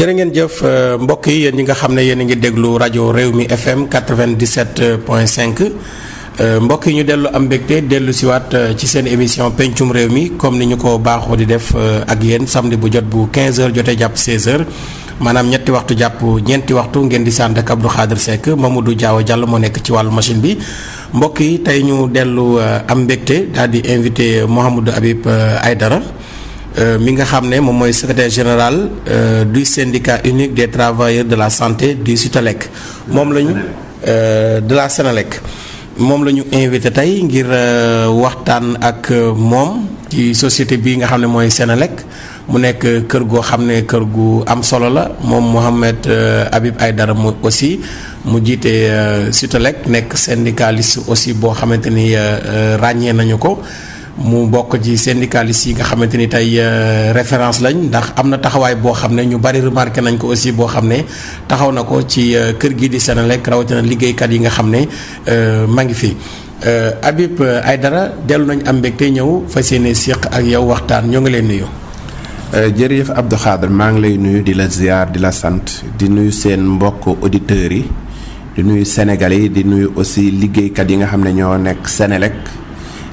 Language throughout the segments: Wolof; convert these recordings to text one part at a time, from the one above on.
jërë ngeen jëf euh, mbokk yi yéen ñi nga xam ne yéen a ngi déglu rajo réew mi FM 97.5 mbokk yi ñu dellu am mbégte dellu siwaat euh, ci seen émission pencum réew mi comme ni ñu ko baaxoo di def euh, ak yéen samedi bu jot bu 15h jotee jàpp 16h maanaam ñetti waxtu jàpp ñeenti waxtu ngeen di sant ak Abdou Khadre Seck Mamadou Diaw jàll moo nekk ci wàllu machine bi mbokk yi tey ñu dellu am mbégte daal di invité Mouhamadou Habib Aidara. Euh, mi nga xam ne moom mooy secrétaire général euh, du syndicat unique des travailleurs de la santé du SUTELEC moom lañu euh, de la Sénélec moom la ñu invité tey ngir waxtaan ak moom ci société bi nga xam ne mooy Sénélec mu nekk kër goo xam ne kër gu am solo la moom Mouhamed Habib Aïdara mu aussi mu jiite SUTELEC nekk syndicaliste aussi boo xamante ni ràññee nañu ko mu mbokk ci syndicalistes yi nga xamante ni tey euh, référence lañ ndax am na taxawaay boo xam ne ñu bari remarqué nañ ko aussi boo xam ne taxaw na ko ci euh, kër gi di Senelec rawatina liggéeykat yi nga xam ne euh, maa ngi fi. ay dara dellu nañ am mbégte ñëw fa yéene seq ak yow waxtaan ñoo ngi leen nuyu. jërëjëf Abdou Khadre maa ngi lay nuyu di la ziar di la sant di nuyu seen mbokk auditeurs yi di nuyu sénégal yi di nuyu aussi liggéeykat yi nga xam ne ñoo nekk Senelec.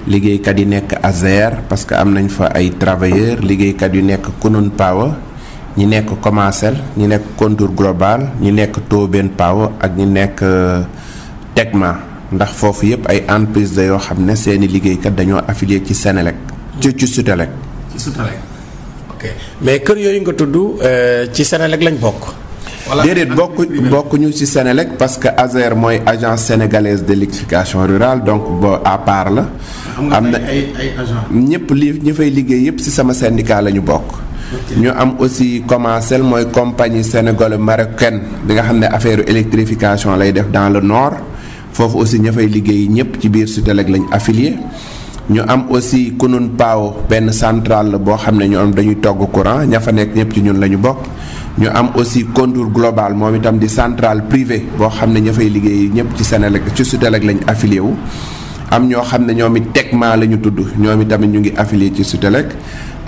liggéeykat yi nekk Azer parce que am nañu fa ay travailleurs liggéeykat yu nekk Kunun Power ñi nekk Commacel ñi nekk Contour Global ñi nekk Tobeen Power ak ñi nekk euh, Tegma ndax foofu yëpp ay entreprise la yoo xam ne seeni liggéeykat dañoo affilié ci Senelec ci ci mais kër yooyu nga tudd euh, ci Senelec lañ bokk. déedéet bokk bokkuñu ci Sénélec parce que ASER mooy agence sénégalaise d' électrification rurale donc ba à part la. am na ay ñëpp li ñu fay liggéey yëpp ci sama syndicat la ñu bokk. ñu am aussi commencel mooy compagnie sénégalo marocaine bi nga xam ne affaire électrification lay def dans le nord foofu aussi ña fay liggéey ñëpp ci biir Sutelec lañ affilié ñu am aussi Kunun paw benn centrale la boo xam ne ñu am dañuy togg courant ña fa nekk ñëpp ci ñun la ñu bokk ñu am aussi Contour Global moom itam di central privée boo xam ne ña liggéey ñëpp ci Senelec ci Sutelec lañu affilié wu. am ñoo xam ne ñoom it Tecma la ñu tudd ñoom itamit ñu ngi affilié ci Sutelec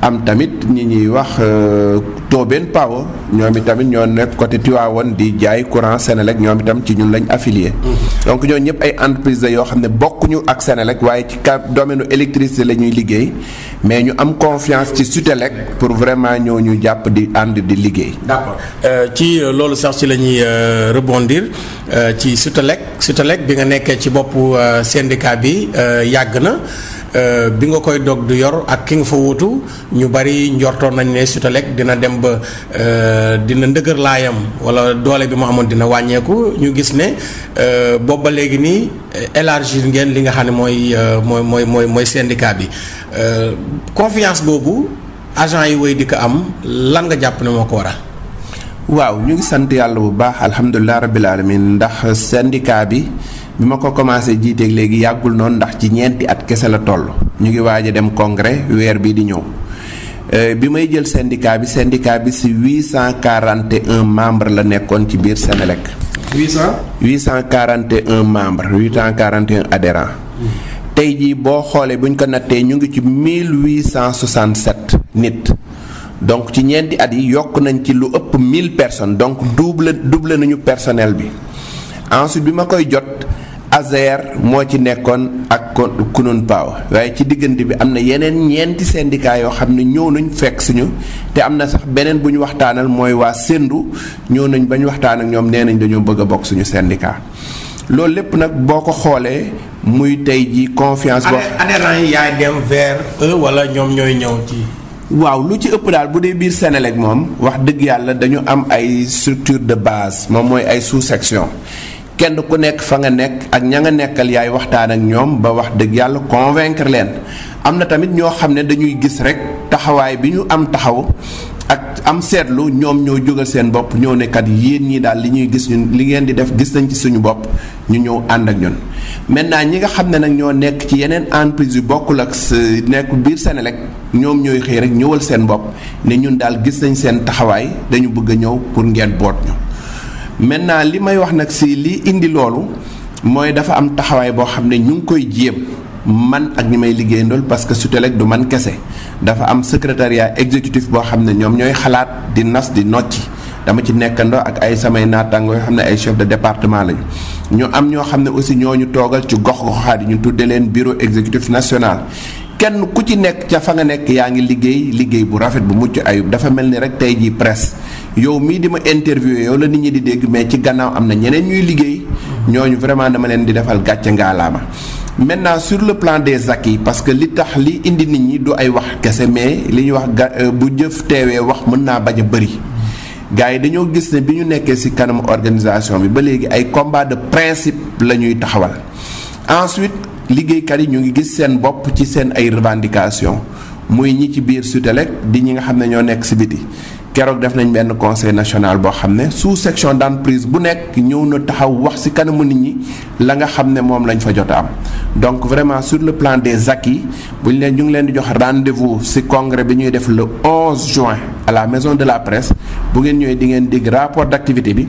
am tamit ñi ñuy wax euh, Tobène Power ñoom itamit ñoo nekk côté Tivaouane di jaay courant Sénélec ñoom itam ci ñun lañ affilié. Mm-hmm. donc ñoo ñëpp ay entreprise la yoo xam ne bokkuñu ak Sénélec waaye ci ka domaine électricité la ñuy liggéey mais ñu am confiance ci Sutelec pour vraiment ñoo ñu jàpp di ànd di liggéey. d'accord euh, ci euh, loolu sax ci lañuy ñuy rebondir ci Sutelec Sutelec bi nga nekkee ci boppu syndicat bi yàgg na. Euh, bi nga koy dog du yor ak ki nga fa wuutu ñu bari njortoon nañ ne Sutelec dina dem ba euh, dina ndëgër laayam wala doole bi mu amoon dina wàññeeku ñu gis ne euh, boobu ba léegi nii élargie ngeen li nga xam ne mooy mooy mooy mooy mooy syndicat bi confiance boobu agent yi wéy di ko am lan nga jàpp ne moo ko waral. waaw ñu ngi sant yàlla bu baax alhamdulilah rabbil alamin ndax syndicat bi. bi ma ko commencé jiiteeg léegi yàggul noonu ndax ci ñeenti at kese la toll ñu ngi waaj a dem congrès weer bii di ñëw euh, bi may jël syndicat bi syndicat bi si 841 membres la nekkoon ci biir Sénélec. 800. 841 membres 841 adhérents. tey jii boo xoolee bu ko nattee ñu ngi ci 1867 nit. donc ci ñeenti at yi yokk nañ ci lu ëpp mille personnes donc double double nañu personnel bi ensuite bi ma koy jot ASER moo ci nekkoon ak Kunun Power waaye ci diggante bi am na yeneen ñeenti syndicat yoo xam ne ñëw nañ fekk suñu te am na sax beneen bu ñu waxtaanal mooy waa Sendu ñëw nañ ba ñu waxtaan ak ñoom nee nañ dañoo bëgg a bokk suñu syndicat loolu lépp nag boo ko xoolee muy tey ji confiance. boo adhérents yi yaay dem vers eux wala ñoom ñooy ñëw ci. waaw lu ci ëpp daal bu dee biir Sénélec moom wax dëgg yàlla dañu am ay structure de base moom mooy ay sous section kenn ku nekk fa nga nekk ak ña nga nekkal yaay waxtaan ak ñoom ba wax dëgg yàlla convaincre leen am na tamit ñoo xam ne dañuy gis rek taxawaay bi ñu am taxaw ak am seetlu ñoom ñoo jógal seen bopp ñoo ne kat yéen daal li ñuy gis ñun li ngeen di def gis nañ ci suñu bopp ñu ñëw ànd ak ñun. maintenant ñi nga xam ne nag ñoo nekk ci yeneen entreprise yu bokkul ak nekk biir Senelec ñoom ñooy xëy rek ñëwal seen bopp ne ñun daal gis nañ seen taxawaay dañu bëgg a ñëw pour ngeen boot ñu. maintenant li may wax nag si li indi loolu mooy dafa am taxawaay boo xam ne ñu ngi koy jéem man ak ñu may liggéeyandool parce que SUTELEC du man kese dafa am secrétariat exécutif boo xam ne ñoom ñooy xalaat di nas di nocci dama ci nekkandoo ak ay samay naataango yoo xam ne ay chef de département lañu ñu am ñoo xam ne aussi ñoo ñu toogal ci gox goxaat yi ñu tuddee leen bureau exécutif national kenn ku ci nekk ca fa nga nekk yaa ngi liggéey liggéey bu rafet bu mucc ayub dafa mel ni rek tey jii presse yow mii di ma interviewé yow la nit ñi di dégg mais ci gannaaw am na ñeneen ñuy liggéey ñooñu vraiment dama leen di defal gàcce ngaalaama maintenant sur le plan des yi parce que li tax li indi nit ñi du ay wax kese mais li ñuy wax ga euh, bu jëf teewee wax mën naa bañ a bëri gars yi dañoo gis ne bi ñu nekkee ci kanamu organisation bi ba léegi ay combat de principe la ñuy taxawal liggéeykat yi ñu ngi gis seen bopp ci seen ay revendication muy ñi ci biir Sutelec di ñi nga xam ne ñoo nekk si biti keroog def nañ benn conseil national boo xam ne sous section d'entreprise bu nekk ñëw na taxaw wax si kanamu nit ñi la nga xam ne moom lañ fa jot a am donc vraiment sur le plan des acquis bu ñu leen ñu ngi leen di jox rendez-vous si congrès bi ñuy def le 11 juin à la maison de la presse bu ngeen ñëwee di ngeen dégg rapport d'activité bi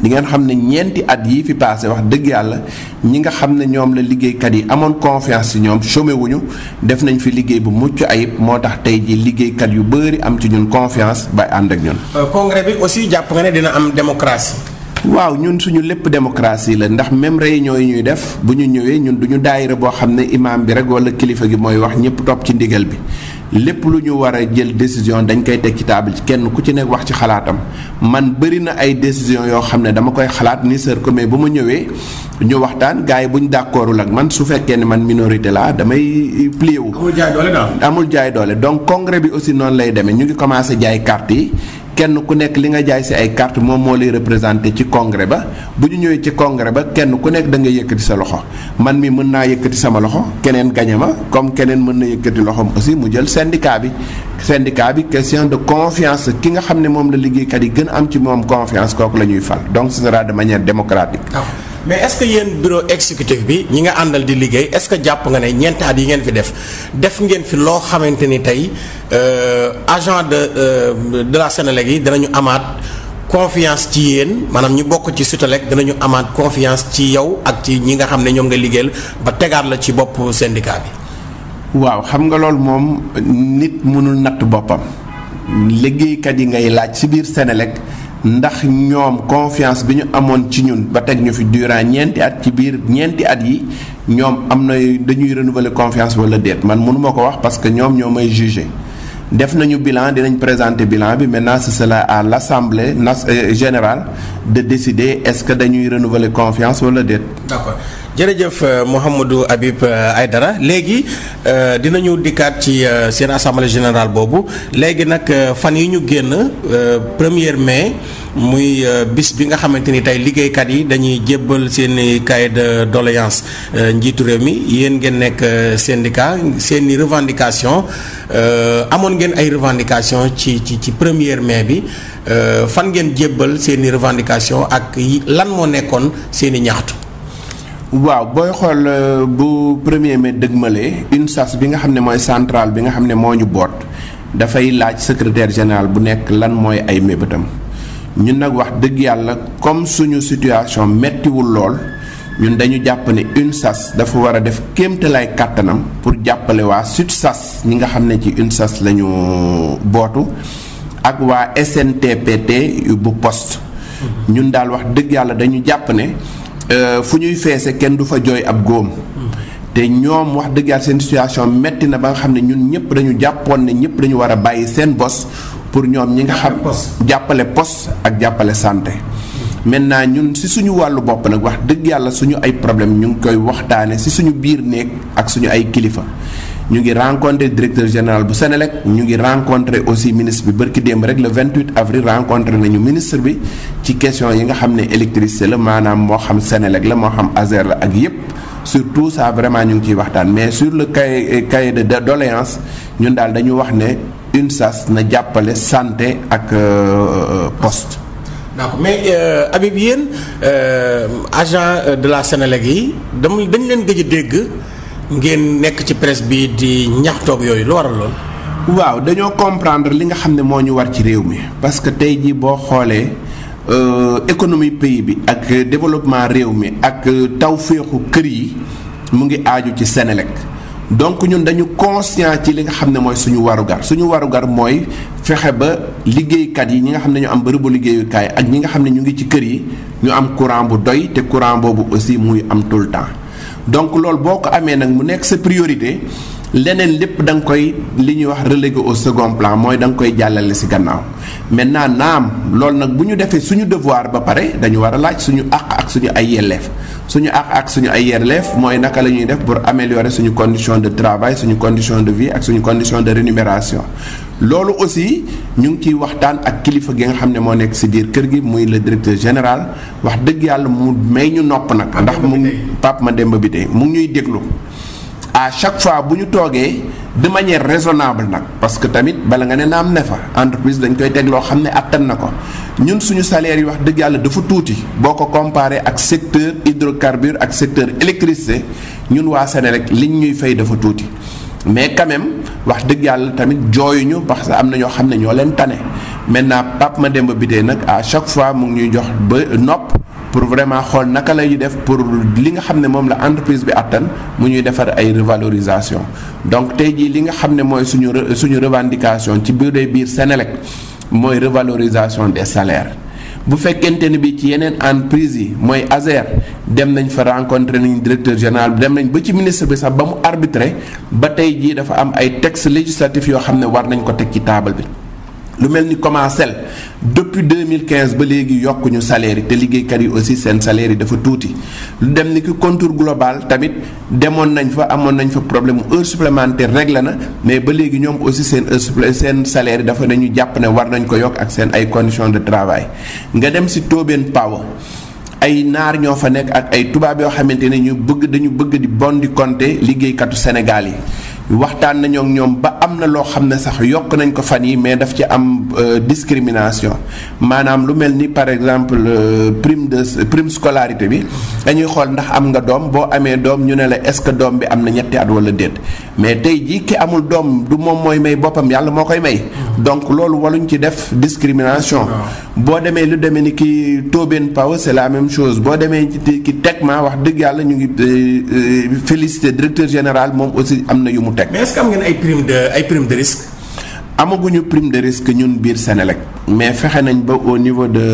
di ngeen xam ne ñeenti at yii fi passé wax dëgg yàlla ñi nga xam ne ñoom la liggéeykat yi amoon confiance ci ñoom chômé wuñu def nañ fi liggéey bu mucc ayib moo tax tey ji liggéeykat yu bëri am ci ñun confiance ba ànd ak ñun. Euh, congrès bi aussi jàpp nga ne dina am démocratie. waaw ñun suñu lépp démocratie la ndax même réunion yi ñuy def bu ñu ñëwee ñun du ñu daayira boo xam ne imaam bi rek wala kilifa gi mooy wax ñëpp topp ci ndigal bi. lépp lu ñu war a jël décision dañ koy teg ci table ci kenn ku ci nekk wax ci xalaatam man bëri na ay décision yoo xam ne dama koy xalaat ni sër ko mais bu ma ñëwee ñu waxtaan gars yi bu ñu d'accordul ak man su fekkee ne man minorité laa damay plié wu. amul jaay doole jaay doole donc congrès bi aussi noonu lay demee ñu ngi commencé jaay carte yi. kenn ku nekk li nga jaay si ay carte moom moo lay représenté ci congrès ba bu ñu ñëwee ci congrès ba kenn ku nekk da nga yëkkati sa loxo man mi mën naa yëkkati sama loxo keneen gañe ma comme keneen mën na yëkkati loxoom aussi mu jël syndicat bi syndicat bi question de confiance ki nga xam ne moom la liggéeykat yi gën am ci moom confiance kooku la ñuy fal donc ce sera de manière démocratique mais est-ce que yéen bureau exécutif bi ñi nga àndal di liggéey est-ce que jàpp nga ne ñeenti at yi ngeen fi def def ngeen fi loo xamante ni tey euh, agent de euh, de la Sénélec yi danañu amaat confiance ci yéen maanaam ñu bokk ci Sutelec danañu amaat confiance ci yow ak ci ñi nga xam ne ñoom nga liggéeyal ba tegaat la ci bopp syndicat bi. waaw xam nga loolu moom nit mënul natt boppam liggéeykat yi ngay laaj si biir Sénélec. ndax ñoom confiance bi ñu amoon ci ñun ba teg ñu fi durant ñeenti at ci biir ñeenti at yi ñoom am na dañuy renouveler confiance wala déet man mënu ko wax parce que ñoom ñoo may jugé def nañu bilan dinañ présenter bilan bi maintenant ce sera à l' assemblée euh, générale de décider est ce que dañuy renouveler confiance wala déet. d' jërëjëf euh, Mouhamadou Habib euh, dara léegi euh, dinañu dikkaat ci seen assemblée général boobu léegi nag fan yi ñu génn première mai muy bis bi nga xamante ni tey liggéeykat yi dañuy jébbal seen i cahier de doléance njiitu réew mi yéen ngeen nekk syndicat seen i revendication amoon ngeen ay revendication ci ci ci premier mai bi fan ngeen jébbal seen i revendication ak lan moo nekkoon seen i ñaxtu waaw booy xool euh, bu premier mai dëgmale UNSAS bi nga xam ne mooy central bi nga xam ne moo ñu boot dafay laaj secretaire général bu nekk lan mooy ay mébétam ñun nag wax dëgg yàlla comme suñu situation méttiwul lool ñun dañu jàpp ne une UNSAS dafa war a def kéemtalaay kàttanam pour jàppale waa sas ñi nga xam ne ci une sas lañu bootu ak waa SNTPT bu poste mm-hmm. ñun daal wax dëgg yàlla dañu jàpp ne Euh, fu ñuy feese kenn du fa jooy ab góom te ñoom wax dëgg yàlla seen situation metti na ba nga xam ne ñun ñëpp dañu jàppoon ne ñëpp dañu war a bàyyi seen bos pour ñoom ñi nga xam jàppale pos ak jàppale santé maintenant ñun si suñu wàllu bopp nag wax dëgg yàlla suñu ay problème ñu ngi koy waxtaane si suñu biir néeg ak suñu ay kilifa ñu ngi rencontré directeur général bu Sénélec ñu ngi rencontré aussi ministre bi bërki démb rek le 28 avril rencontré nañu ministre bi ci question yi nga xam ne électricité la maanaam moo xam Sénélec la moo xam Azer la ak yépp surtout ça vraiment ñu ngi ciy waxtaan mais sur le cahier euh, cahier de doléance ñun daal dañu wax ne une sas na jàppale santé ak euh, post d'accord mais euh, Habib yéen agent de la Sénélec yi dama dañ leen gëj dégg ngeen nekk ci presse bi di ñaxtoog yooyu lu waral lool. waaw dañoo comprendre li nga xam ne moo ñu war ci réew mi parce que tey jii boo xoolee euh, économie pays bi ak développement réew mi ak tawféexu kër yi mu ngi aaju ci Senelec donc ñun dañu conscient ci li nga xam ne mooy suñu warugar suñu warugar mooy fexe ba liggéeykat yi ñi nga xam ne ñu am bërëbu liggéeyukaay ak ñi nga xam ne ñu ngi ci kër yi ñu am courant bu doy te courant boobu aussi muy am tout le temps. donc loolu boo ko amee nag mu nekk sa priorité leneen lépp da nga koy li ñuy wax relégué au second plan mooy da nga koy jàllale si gannaaw maintenant naam loolu nag bu ñu defee suñu devoir ba pare dañu war a laaj suñu àq ak suñu ay yelleef suñu àq ak suñu ay yelleef mooy naka la ñuy def pour améliorer suñu condition de travail suñu condition de vie ak suñu condition de rémunération loolu aussi ñu ngi ciy waxtaan ak kilifa gi nga xam ne moo nekk si biir kër gi muy le directeur général wax dëgg yàlla mu may ñu nopp nag ndax mu ma Mademba bi de mu ngi ñuy déglu à chaque fois bu ñu toogee de manière raisonnable nag parce que tamit bala nga ne naam ne fa entreprise dañ koy teg loo xam ne attan na ko ñun suñu salaire yi wax dëgg yàlla dafa tuuti boo ko comparé ak secteur hydrocarbure ak secteur électricité ñun waa rek liñ ñuy fay dafa tuuti wax dëgg yàlla tamit jooyuñu parce que am na ñoo xam ne ñoo leen tane maintenant Pape Mademba Bitèye nag à chaque fois mu ngi ñuy jox ba nopp pour vraiment xool naka la ñuy def pour li nga xam ne moom la entreprise bi attan mu ñuy defar ay revalorisation donc tey jii li nga xam ne mooy suñu suñu revendication ci biir biir Sénélec mooy revalorisation des salaires bu fekkente ni bi ci yeneen entreprise yi mooy ASER dem nañ fa rencontré nañu directeur général bi dem nañ ba ci ministre bi sax ba mu arbitré ba tey jii dafa am ay textes législatifs yoo xam ne war nañ ko teg ci taabal bi lu mel ni Comacel depuis quinze ba léegi yokkuñu salaire te liggéeykat yi aussi seen salaire yi dafa tuuti lu dem ni ki contour global tamit demoon nañ fa amoon nañ fa problème mu heure supplémentaire réglé na mais ba léegi ñoom aussi seen heure seen salaire yi dafa nañu jàpp ne war nañ ko yokk ak seen ay conditions de travail nga dem si Tobène Power ay naar ñoo fa nekk ak ay tubaab yoo xamante ne ñu bëgg dañu bëgg di bon di compter liggéeykatu Sénégal yi waxtaan nañoo ñoom ba am na loo xam ne sax yokk nañ ko fan yi mais daf ci am euh, discrimination maanaam lu mel ni par exemple euh, prime de prime scolarité bi dañuy xool ndax am nga doom boo amee doom ñu ne la est-ce que doom bi am na ñetti at wala déet mais tey jii ki amul doom du moom mooy may boppam yàlla moo koy may. donc loolu waluñ ci def discrimination. boo demee lu demee ni ki Tobène Pao c'est la même chose boo demee ci ki Tekma wax dëgg yàlla ñu ngi euh, félicité directeur général moom aussi am na yu mu teg. mais est-ce que am ngeen ay prime de ay prime de risque. amaguñu prime de risque ñun biir Sénélec mais fexe nañ ba au niveau de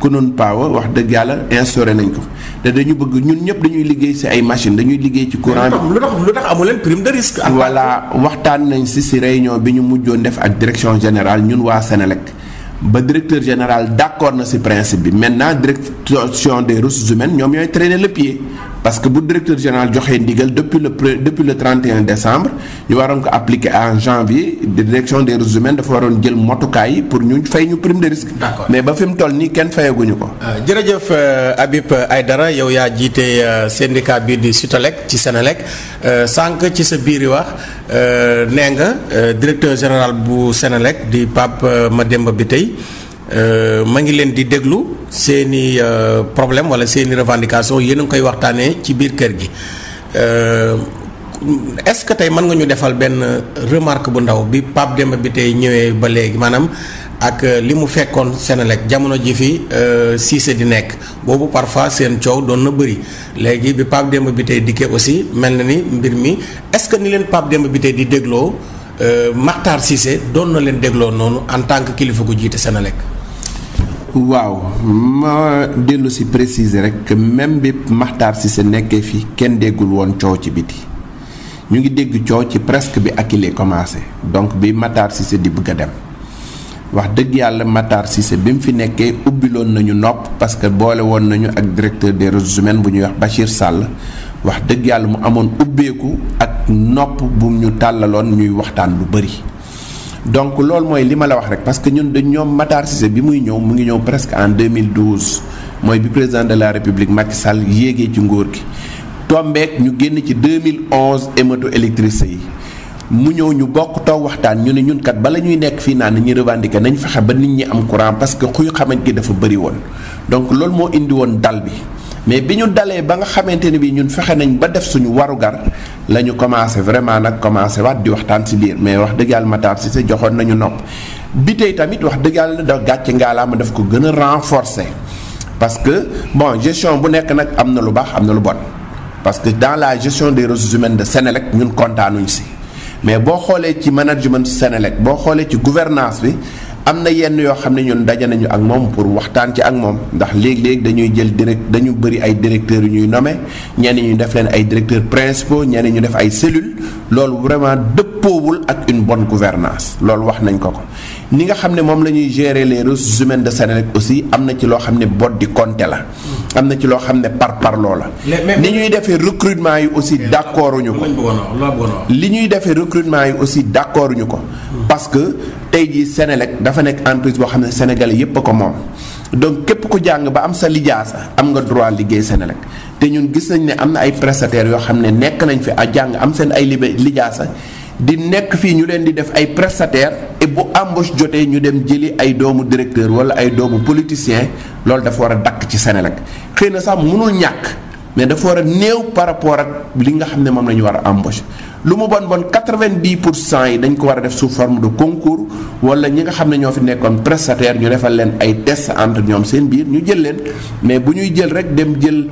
Kunun Power wax dëgg yàlla instauré nañ ko te dañu bëgg ñun ñëpp dañuy liggéey ci ay machine dañuy liggéey ci courant bi. lu tax lu amu leen prime de risque. voilà waxtaan nañ ci ci réunion bi ñu mujjoon def ak direction général ñun waa Sénélec ba directeur général d'accord na ci principe bi maintenant direction de ressources humaines ñoom ñooy traîner le pied parce que bu directeur général joxee ndigal depuis le depuis le 31 décembre ñu waroon ko appliquer en janvier direction de ressources humaines dafa waroon jël motukaay yi pour ñu fay ñu prime de risque. mais ba fi mu toll nii kenn fayaguñu ko. Euh, jërëjëf euh, ay dara yow yaa jiite euh, syndicat bi di Sutelec ci Senelec sànq ci sa biir wax nee nga directeur général bu Senelec di ma Pape bi tey Euh, ma ngi leen di déglu seen i euh, problème wala seeni i revendication yéen a koy waxtaanee ci biir kër gi euh, est-ce que tey mën nga ñu defal benn remarque bu ndaw bi Pape Demba bi tey ñëwee ba léegi maanaam ak li mu fekkoon seen a Senelec jamono ji fi Cissé di nekk boobu parfois seen coow doon na bëri léegi bi Pape Demba bi tey dikkee aussi mel na ni mbir mi est-ce que ni leen Pape Demba bi tey di dégloo Makhtar Cissé doon na leen dégloo noonu en tant que kilifa gu jiite Senelec waaw ma dellu si préciser rek même maxtar Makhtar sa nekkee fi kenn déggul woon coow ci biti ñu ngi dégg coow ci presque bi ak il commencé donc bi Makhtar Cissé di bëgg a dem wax dëgg yàlla Makhtar Cissé bi mu fi nekkee ubbiloon nañu nopp parce que boole woon nañu ak directeur des ressources bu ñuy wax Bachir Sall wax dëgg yàlla mu amoon ubbeeku ak nopp bu ñu tàllaloon ñuy waxtaan lu bëri. donc loolu mooy li ma la wax rek parce que ñun dañ ñoom Matar Cissé bi muy ñëw mu ngi ñëw presque en 2012 mooy bi président de la république Macky Sall yéegee ci nguur gi tombeek ñu génn ci 2011 émeto électricité yi mu ñëw ñu bokk tow waxtaan ñu ne ñun kat bala ñuy nekk fii naan nañu revendiquer nañ fexe ba nit ñi am courant parce que xuy xamante gi dafa bëri woon donc loolu moo indi woon dal bi mais bi ñu dalee ba nga xamante ne bii ñun fexe nañ ba def suñu warugar la ñu commencé vraiment nag commencé waat di waxtaan si biir mais wax dëgg yàlla si sa joxoon nañu nopp bi tey tamit wax dëgg yàlla gàcc gàcce ngaalaama daf ko gën a renforcer parce que bon gestion bu nekk nag am na lu baax am na lu bon parce que dans la gestion de ressources humaines de Sénélec ñun kontaanuñ si mais boo xoolee ci management Sénélec boo xoolee ci gouvernance bi am na yenn yoo xam ne ñu daje nañu ak moom pour waxtaan ci ak moom ndax léeg-léeg dañuy jël direct dañu bëri ay directeurs yu ñuy nommé ñenn ñu def leen ay directeurs principaux ñenn ñu def ay cellules loolu vraiment dëppoowul ak une bonne gouvernance loolu wax nañ ko ko ni nga xam ne moom la ñuy gérer les ressources humaines de Senelec aussi am na ci loo xam ne bot di compter la am na ci loo xam ne par par loo la. ni ñuy defee recrutement yi aussi d' accord ñu ko. li ñuy defee recrutement yi aussi d' accord ko. parce que tey jii Sénélec dafa nekk entreprise boo xam ne sénégalais yépp a ko moom. donc képp ku jàng ba am sa lijaasa am nga droit liggéey Sénélec te ñun gis nañu ne am na ay prestataires yoo xam ne nekk nañ fi a jàng am seen ay lijaasa. di nekk fii ñu leen di def ay prestataire bu embauche jotee ñu dem jëli ay doomu directeur wala ay doomu politicien loolu dafa war a dakk ci Sénégal xëy na sax mënul ñàkk mais dafa war a néew par rapport ak li nga xam ne moom la ñu war a embauche lu mu bon bon 90 pour cent yi dañ ko war a def sous forme de concours wala ñi nga xam ne ñoo fi nekkoon prestataire ñu defal leen ay test entre ñoom seen biir ñu jël leen mais bu ñuy jël rek dem jël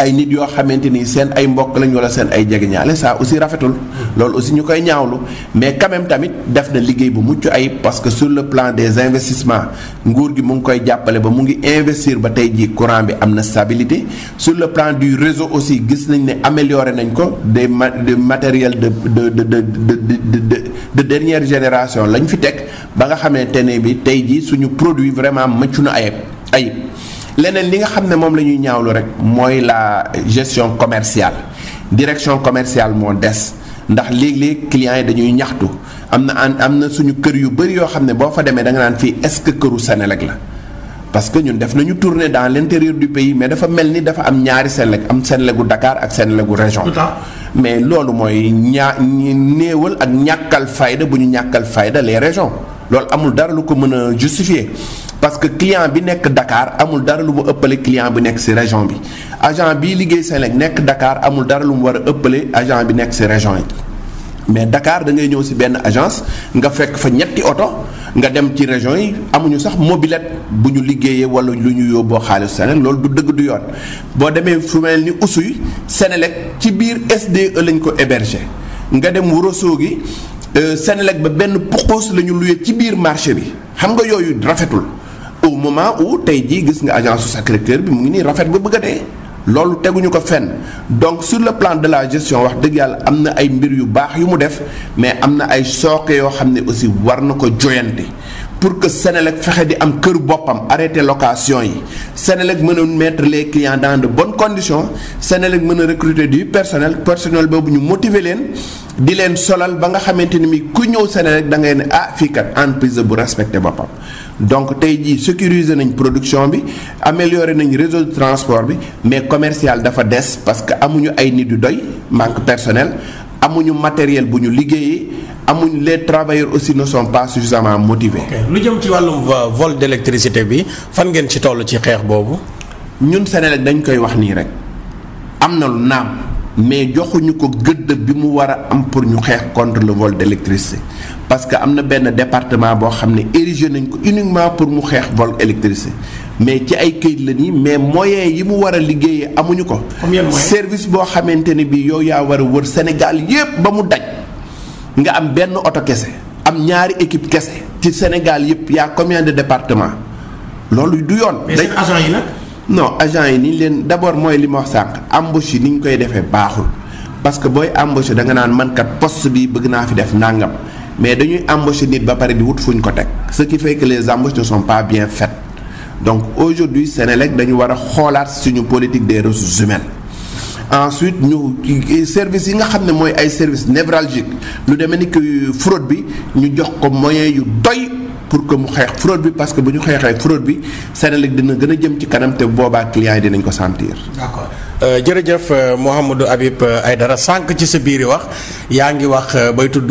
ay nit yoo xamante ni seen ay mbokk lañ wala seen ay jegeñaale ça aussi rafetul loolu aussi ñu koy ñaawlu mais quand tamit def na liggéey bu mucc ayib parce que sur le plan des investissements nguur gi mu ngi koy jàppale ba mu ngi investir ba tey jii courant bi am na stabilité sur le plan du réseau aussi gis nañ ne amélioré nañ ko des des matériels de de de de de de dernière génération lañ fi teg ba nga xamee tene bi tey jii suñu produit vraiment mëccu na ayib ayib leneen li nga xam ne moom la ñuy ñaawlu rek mooy la gestion commerciale direction commerciale moo des ndax léeg-léeg clients yi dañuy ñaxtu am na am na suñu kër yu bëri yoo xam ne boo fa demee da nga naan fii est-ce que këru Senelec la parce que ñun def nañu tourner dans l'intérieur du pays mais dafa mel ni dafa am ñaari Senelec am Senelegu Dakar ak Senelegu région mais loolu mooy ñaa néewal ak ñàkkal fayda bu ñu ñàkkal fayda les régions loolu amul dara lu ko mën a justifier parce que client bi nekk dakaar amul dara lu mu ëppale client bi nekk ci région bi agent bi liggéey Senelec nekk dakaar amul dara lu mu war a ëppale agent bi nekk ci région yi mais dakaar da ñëw si benn agence nga fekk fa ñetti oto nga dem ci région yi amuñu sax mobilet bu ñu liggéeyee wala lu ñu yóbboo xaalis Senelec loolu du dëgg du yoon boo demee fu mel ni Oussouye Senelec ci biir sd e lañ ko héberger nga dem Ourossogui gi seen euh, Senelec ba benn puqus la ñu luye ci biir marché bi xam nga yooyu rafetul au moment où tey jii gis nga agence su sacré bi mu ngi nii rafet ba bëgg dee loolu teguñu ko fenn donc sur le plan de la gestion wax dëgg yàlla am na ay mbir yu baax yu mu def mais am na ay sooke yoo xam ne aussi war na ko joyante pour que Sénélec fexe di am kër boppam arrêté location yi Sénélec mën a mettre les clients dans de bonnes conditions Sénélec mën a recruter du personnel personnel boobu ñu motiver leen di leen solal ba nga xamante ni mi ku ñëw Sénélec da ngay ne ah fii kat entreprise bu respecté boppam. donc tey jii sécuriser nañ production bi améliorer nañ réseau de transport bi mais commercial dafa des parce que amuñu ay nit yu doy manque personnel amuñu matériel bu ñu liggéeyee. amuñ les travailleurs aussi ne sont pas suffisamment motivés. lu jëm ci wàllu euh, vol d'électricité bi fan ngeen ci toll ci xeex boobu. ñun Sénégal dañ koy wax nii rek am na lu naam mais joxuñu ko gëdd bi mu war a am pour ñu xeex contre le vol d'électricité parce que am na benn département boo xam ne érigé nañ ko uniquement pour mu xeex vol électricité mais ci ay këyit la nii mais moyen yi mu war a liggéeyee amuñu ko. service boo xamante ne bi yow yaa war a wër Sénégal yépp ba mu daj. nga am benn oto kese am ñaari équipe kese ci Sénégal yëpp yaa combien de départements loolu du yoon. mais agent yi nag. non agent yi ni ñu leen d'abord mooy li ma wax sànq embauche yi ni ñu koy defee baaxul parce que booy embauché da nga naan mankat kat poste bi bëgg naa fi def nangam mais dañuy embauché nit ba pare di wut ñu ko teg ce qui fait que les embauches ne sont pas bien faites donc aujourd'hui Sénélec dañu war a xoolaat suñu politique des ressources humaines. ensuite ñu service yi nga xam ne mooy ay service névralgique lu demee ni que fraude bi ñu jox ko moyens yu doy pour que mu xeex fraude bi parce que bu ñu xeexee fraude bi Senelec dina gën a jëm ci kanam te boobaa clients yi dinañ ko sentir. d'accord euh, jërëjëf euh, Mouhamadou Habib euh, dara sànq ci sa biir wax yaa ngi wax bay tudd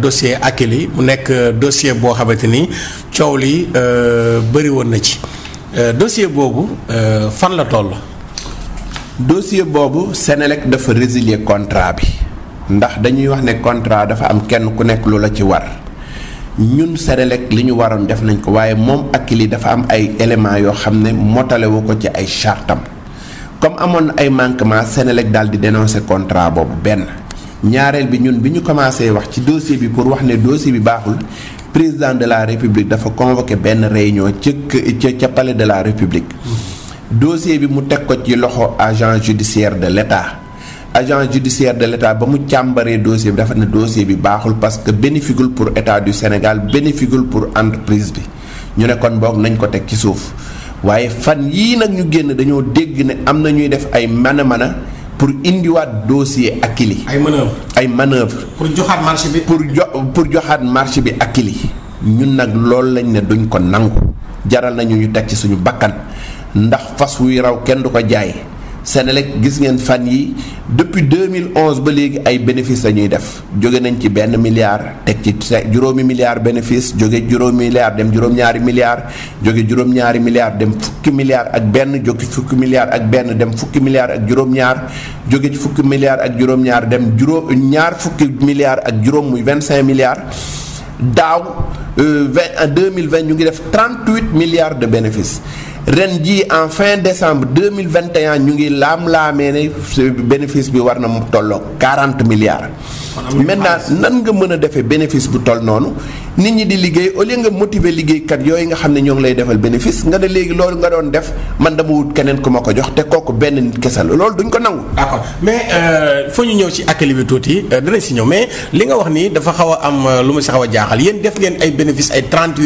dossier Akilee mu nekk dossier boo xamante ni coow li bëri woon na ci dossier boobu fan la toll. dossier boobu Senelec dafa résilier contrat bi ndax dañuy wax ne contrat dafa am kenn ku nekk lu la ci war ñun Senelec li ñu waroon def nañ ko waaye moom ak li dafa am ay éléments yoo xam ne motalewu ko ci ay chartam comme amoon na ay manquement Senelec daal di dénoncer contrat boobu benn ñaareel bi ñun bi ñu commencé wax ci dossier bi pour wax ne dossier bi baaxul président de la république dafa convoqué benn réunion ca ca palais de la république dossier bi mu teg ko ci loxo agent judiciaire de l' état agent judiciaire de l' ba mu càmbaree dossier bi dafa ne dossier bi baaxul parce que bénéfiqueul pour état du Sénégal bénéfiqueul pour entreprise bi ñu ne kon boog nañ ko teg ci suuf waaye fan yii nag ñu génn dañoo dégg ne am na ñuy def ay mana mana pour indiwaat dossier Akilee. ay manœuvre ay manœuvre pour joxaat marché bi. pour jo pour joxaat marché bi Akilee ñun nag loolu lañ ne duñ ko nangu jaral nañu ñu teg ci suñu bakkan. ndax fas wuy raw kenn du ko jaay Senelec gis ngeen fan yi depuis mille 2011 ba léegi ay bénéfice la ñuy def jóge nañ ci benn milliard teg ci juróomi milliard bénéfice jóge juróomi milliard dem juróom-ñaari milliard jóge juróom-ñaari milliard dem fukki milliard ak benn jóge fukki milliard ak dem fukki milliard ak juróom-ñaar jóge ci fukki milliard ak juróom-ñaar dem juróom ñaar fukki milliard ak juróom muy cinq milliards daaw 20 euh, en 2020 ñu ngi def 38 milliards de bénéfice ren jii en fin décembre deux mille vingt et un ñu ngi laam-laamee ne bénéfice bi war na mu tolloo quarante milliards. maintenant nan nga mën a defee bénéfice bu toll noonu nit ñi di liggéey au lieu nga motiver liggéeykat yooyu nga xam ne ñoo ngi lay defal bénéfice nga ne léegi loolu nga doon def man dama wut keneen ku ma ko jox te kooku benn nit kese la loolu duñ ko nangu. d'accord mais euh, foo ñu ñëw ci akkali bi tuuti euh, danañ si ñëw mais li nga wax nii dafa xaw a am euh, lu ma si xaw a jaaxal yéen def ngeen ay bénéfice ay trente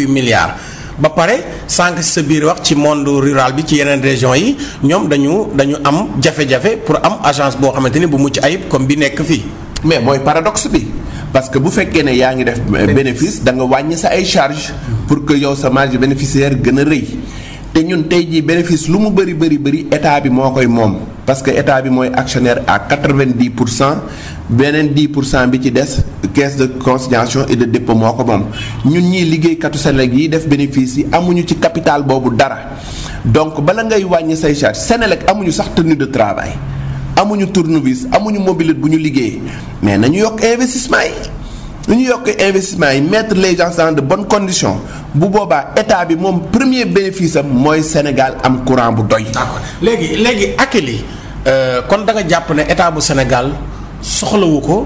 ba pare sànq si sa biir wax ci monde rural bi ci yeneen région yi ñoom dañu dañu am jafe-jafe pour am agence boo xamante ni bu mucc ayib comme bi nekk fii. mais mooy paradoxe bi parce que bu fekkee ne yaa ngi def bénéfice da nga wàññi sa ay charge pour que yow sa marge bénéficiaire gën a rëy te ñun tey jii bénéfice lu mu bëri bëri bëri état bi moo koy moom parce que état bi mooy actionnaire à 90 pour cent beneen 10 pour cent bi ci des caisse de consignation et de dépôt moo ko moom ñun ñii liggéeykatu Senelec yi def bénéfice yi amuñu ci capital boobu dara donc bala ngay wàññi say charge Senelec amuñu sax tenue de travail amuñu tournevis amuñu mobilette bu ñu liggéey mais na ñu yokk investissement yi. nu ñu yokk investissement yi mettre les gens dans de bonnes conditions bu boobaa état bi moom premier bénéfice am mooy Sénégal am courant bu doy. d'accord léegi léegi Akili euh, kon da jàpp ne état bu Sénégal. soxlawu ko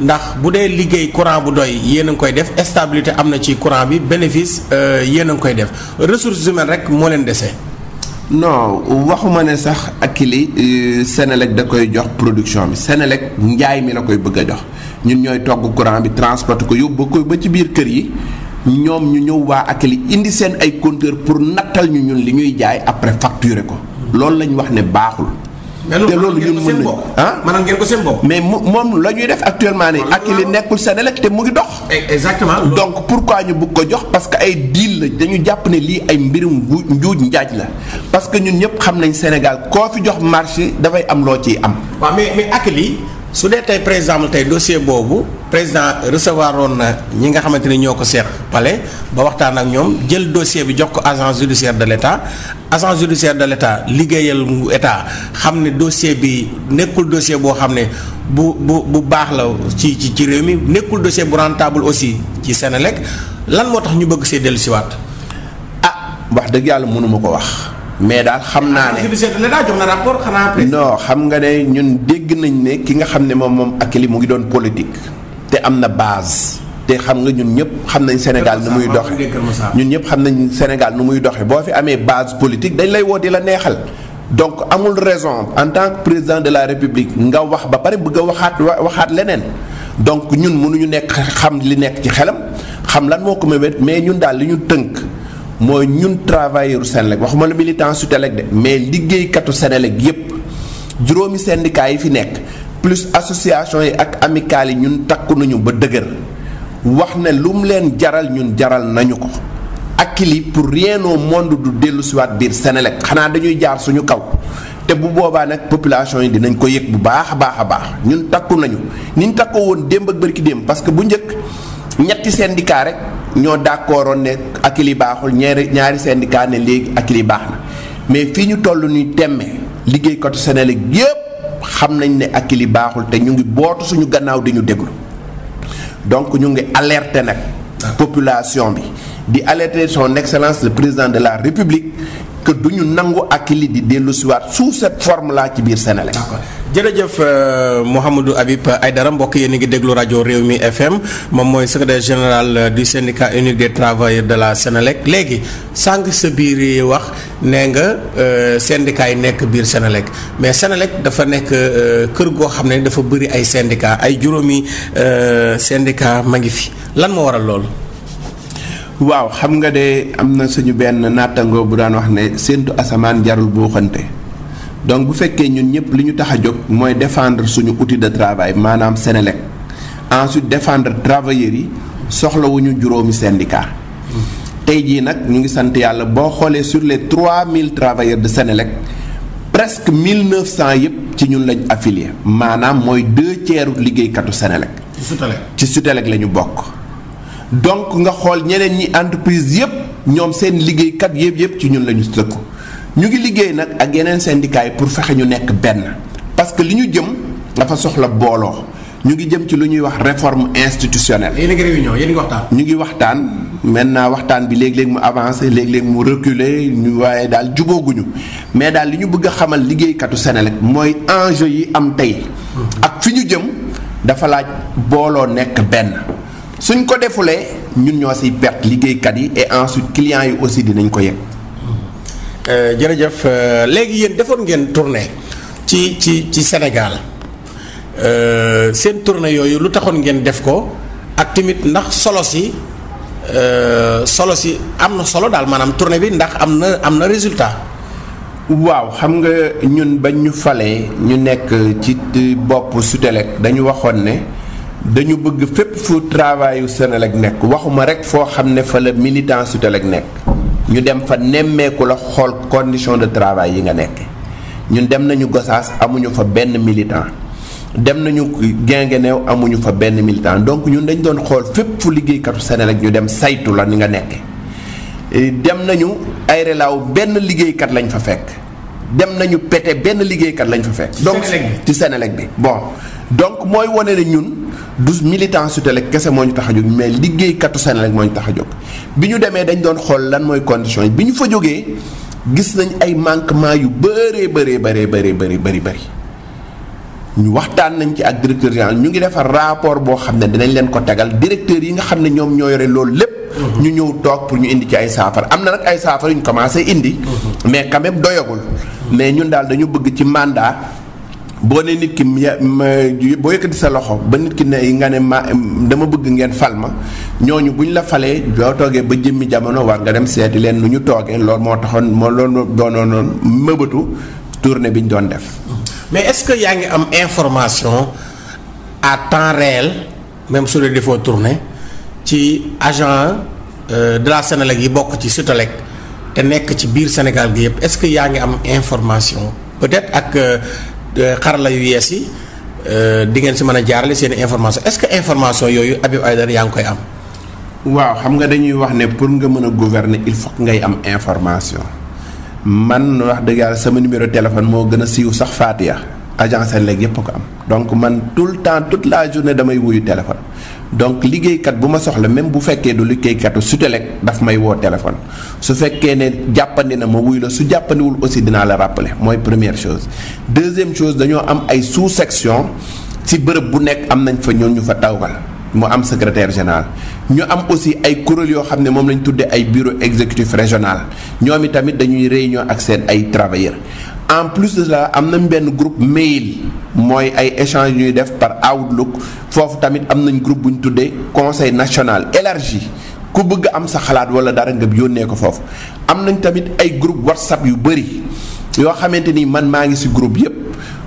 ndax bu dee liggéey courant bu doy yéen a ngi koy def estabilité am na ci courant bi bénéfice euh, yéen a ngi koy def ressources humaines rek moo leen dese. non waxuma ne sax ak kili euh, Senelec da koy jox production bi Senelec njaay mi la koy bëgg a jox ñun ñooy togg courant bi transporté ko yóbbu ko ba ci biir kër yi ñoom ñu ñëw waa ak li indi seen ay compteur pour nattal ñu ñun li ñuy jaay après facturer ko loolu lañ wax ne baaxul te loolu ñun mun nañu ah maanaam ngeen ko mais mu moom la ñuy def actuellement nii ak li nekkul Senelec te mu ngi dox e-, exactement donc pourquoi ñu bugg ko jox parce que ay deal la dañu jàpp ne lii ay mbirum njuuj njaaj la parce que ñun ñëpp xam nañ Sénégal koo fi jox marché dafay am loo ciy am waaw ak lii su dee tey par tey dossier boobu président recevoir woon na ñi nga xamante ni ñoo ko seeq pale ba waxtaan ak ñoom jël dossier bi jox ko agence judiciaire de l' état agence judiciaire de l' liggéeyal mu état xam ne dossier bi nekkul dossier boo xam ne bu bu bu baax la ci ci ci réew mi nekkul dossier bu rentable aussi ci Senelec lan moo tax ñu bëgg see dellu siwaat ah wax dëgg yàlla mënuma ko wax mais daal xam naa ne ah, jox na rapport xanaa non xam nga ne ñun dégg nañ ne ki nga xam ne moom moom ak li mu ngi doon politique. te am na base. te xam nga ñun ñëpp xam nañ Sénégal nu muy doxe ñun ñëpp xam nañ Sénégal nu muy doxe boo fi amee base politique dañ lay woo di la neexal. donc amul raison en tant que président de la république nga wax ba pare bëgg a waxaat waxaat leneen donc ñun mënuñu nekk xam li nekk ci xelam xam lan moo ko mébét mais ñun daal li ñu tënk. mooy ñun travailleur Senelec waxuma la militant Sutelec de mais liggéeykatu Senelec yépp juróomi syndicat yi fi nekk plus association yi ak amicale yi ñun takku nañu ba dëgër wax ne lu mu leen jaral ñun jaral nañu ko ak akili pour rien monde du dellu siwaat biir Senelec xanaa dañuy jaar suñu kaw te bu boobaa nag population yi dinañ ko yëg bu baax a baax a baax ñun takku nañu niñ takkoo woon démb ak bërki démb parce que bu njëkk ñetti syndicat rek ñoo d'accordoon ne ak li baaxul ñaari ñaari syndicat ne léegi ak baax na mais fii ñu toll nii temme liggéeykatu Senelec yépp xam nañ ne ak li baaxul te ñu ngi bootu suñu gannaaw di ñu déglu donc ñu ngi alerte nag population bi di alerter son excellence le président de la république que du ñu nangu ak li di dellusiwaat sous cette forme laa ci biir Senelec jërëjëf euh, Mouhamadou Habib dara mbokk yéen ngi déglu rajo réew mi FM moom mooy secrétaire général euh, du syndicat unique des travailleurs de la Sénélec léegi sànq sa biir yi wax nee nga euh, syndicat yi nekk biir Sénélec mais Sénélec dafa nekk kër goo xam ne dafa bëri ay syndicat ay juróomi syndicat ma ngi fi lan moo waral lool waaw xam nga de am na suñu benn nattangoo bu daan wax ne séentu asamaan jarul buuxante. donc bu fekkee ñun ñëpp li ñu tax a jóg mooy défendre suñu outil de travail maanaam Sénélec ensuite défendre travailleurs yi soxlawuñu juróomi syndicat tey jii nag ñu ngi sant yàlla boo xoolee sur les 3000 travailleurs de Sénélec presque 1900 yëpp ci ñun lañ affilié maanaam mooy deux tiers liggéeykatu Sénélec. ci Sutelec ci Sutelec la ñu bokk. donc nga xool ñeneen ñi entreprise yëpp ñoom seen liggéeykat yëpp yëpp ci ñun lañu ñu sëkku ñu ngi liggéey nag ak yeneen syndicats yi pour fexe ñu nekk benn parce que li ñu jëm dafa soxla booloo ñu ngi jëm ci lu ñuy wax réforme institutionnelle. yéen a ngi réunion yéen waxtaan. ñu ngi waxtaan maintenant waxtaan bi léeg-léeg mu avancé léegi léeg mu reculé ñu waaye daal jubóoguñu mais daal li ñu bëgg a xamal liggéeykatu Senelec mooy enjeu yi am tey. Mm-hmm. ak fi ñu jëm dafa laaj booloo nekk benn. suñ ko defulee ñun ñoo siy perte liggéeykat yi et ensuite clients yi aussi dinañ ko yëg. Euh, jërëjëf euh, léegi yéen defoon ngeen tournée ci ci ci Sénégal euh, seen tournée yooyu lu taxoon ngeen def ko ak tamit ndax solo si solo si am na solo daal maanaam tournée bi ndax am na am na résultat. waaw xam nga ñun bañ ñu falee ñu nekk ci bopp Sutelec dañu waxoon ne. dañu bëgg fépp fu travaayu Senelec nekk waxuma rek foo xam ne fa la militant Sutelec nekk ñu dem fa nemmeeku la xool condition de travail yi nga nekk ñun dem nañu Gosaas amuñu fa benn militant dem nañu Guinguinéo amuñu fa benn militant donc ñun dañ doon xool fépp fu liggéeykatu Senelec ñu dem saytu la ni nga nekk eh, dem nañu ay benn liggéeykat lañ fa fekk dem nañu pete benn liggéeykat lañ fa fekk donc ci Senelec bi bon donc mooy wane ne ñun du militant Sutelec kese moo ñu tax a jóg mais liggéeykatu Senelec moo ñu tax a jóg bi ñu demee dañ doon xool lan mooy condition bi ñu fa jógee gis nañ ay manquement yu bëree bëree bëree bëree bëri bëri bëri ñu waxtaan nañ ci ak directeur général ñu ngi defar rapport boo xam ne dinañ leen ko tegal directeur yi nga xam ne ñoom ñoo yore loolu lépp. ñu ñëw toog pour ñu indi ci ay saafara am na nag ay saafara yu ñu commencé indi. Mm-hmm. mais quand même doyagul. mais ñun daal dañu bëgg ci mandat. boo ne nit ki boo yëkkati sa loxo ba nit ki ne nga ne ma dama bëgg ngeen fal ma ñooñu bu ñu la falee doo toogee ba jëmmi jamono war nga dem seeti leen nu ñu toogee loolu moo taxoon moo loolu doonoon mëbatu tournée bi ñu doon def. mais est-ce que yaa ngi am information à temps réel même su dee defoo tournée ci agent euh, de la Sénélec yi bokk ci Sutelec te nekk ci biir Sénégal gi yëpp est-ce que yaa ngi am information peut-être ak. Euh, Euh, xarala yu yees yi euh, di ngeen si mën a jaarale seen information est-ce que information yooyu abi Aidara yaa ngi koy am. waaw xam nga dañuy wax ne pour nga mën a gouverner il faut ngay am information man wax dëgg yàlla sama numéro téléphone moo gën a siiw sax ya agence Senelec yëpp ko am donc man tout le temps toute la journée damay wuyu téléphone donc liggéeykat bu ma soxla même bu fekkee du liggéeykatu Sutelec dafa may woo téléphone su fekkee ne jàppandi na ma wuyu la su jàppandiwul aussi dinaa la rappeler mooy première chose deuxième chose dañoo am ay sous-section ci bërëb bu nekk am nañu fa ñoon ñu fa tawgal mu am secrétaire général ñu am aussi ay kuréel yoo xam ne moom lañ tuddee ay bureau exécutif régional ñoom itamit dañuy réunion ak seen ay travailleurs en plus de cela am nañ benn groupe mail mooy ay échange ñuy def par Outlook foofu tamit am nañ groupe bu ñu tuddee conseil national élargi ku bëgg am sa xalaat wala dara nga yónnee ko foofu am nañ tamit ay groupe WhatsApp yu bëri yoo xamante ni man maa ngi ci groupe yépp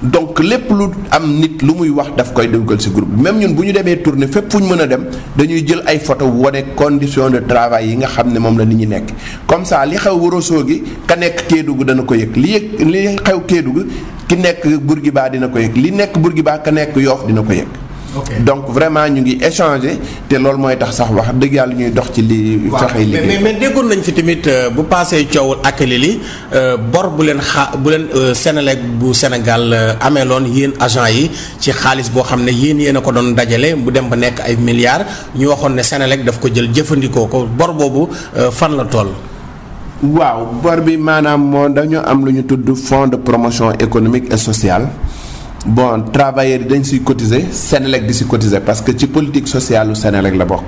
donc lépp lu am nit lu muy wax daf koy dugal ci groupe bi même ñun bu ñu demee tournée fépp fu ñu mën a dem dañuy jël ay photo wane condition de travail yi nga xam ne moom la ni ñu nekk comme ça li xew Ourossogui gi ka nekk Kédougou dana ko yëg li yëg li xew Kédougou ki nekk Bourguiba dina ko yëg li nekk Bourguiba ka nekk Yoff dina ko yëg donc vraiment ñu ngi échanger te loolu mooy tax sax wax dëgg yàlla ñuy dox ci li fexe liggéey mais mais déggoon nañu fi tamit euh, bu paasee coowul akkali li euh, bor bu leen xaa bu leen euh, Senelec bu Sénégal amee loon yéen agent yi ci xaalis boo xam ne yéen yéen a ko doon dajale bu dem ba nekk ay milliards ñu waxoon ne Senelec daf ko jël jëfandikoo ko bor boobu fan la tool waaw bor bi maanaam moo dañu am lu ñu tudd fonds de promotion économique et sociale bon travailleurs yi dañ siy cotiser Sénélec di si cotiser parce que ci politique sociale lu Sénélec la bokk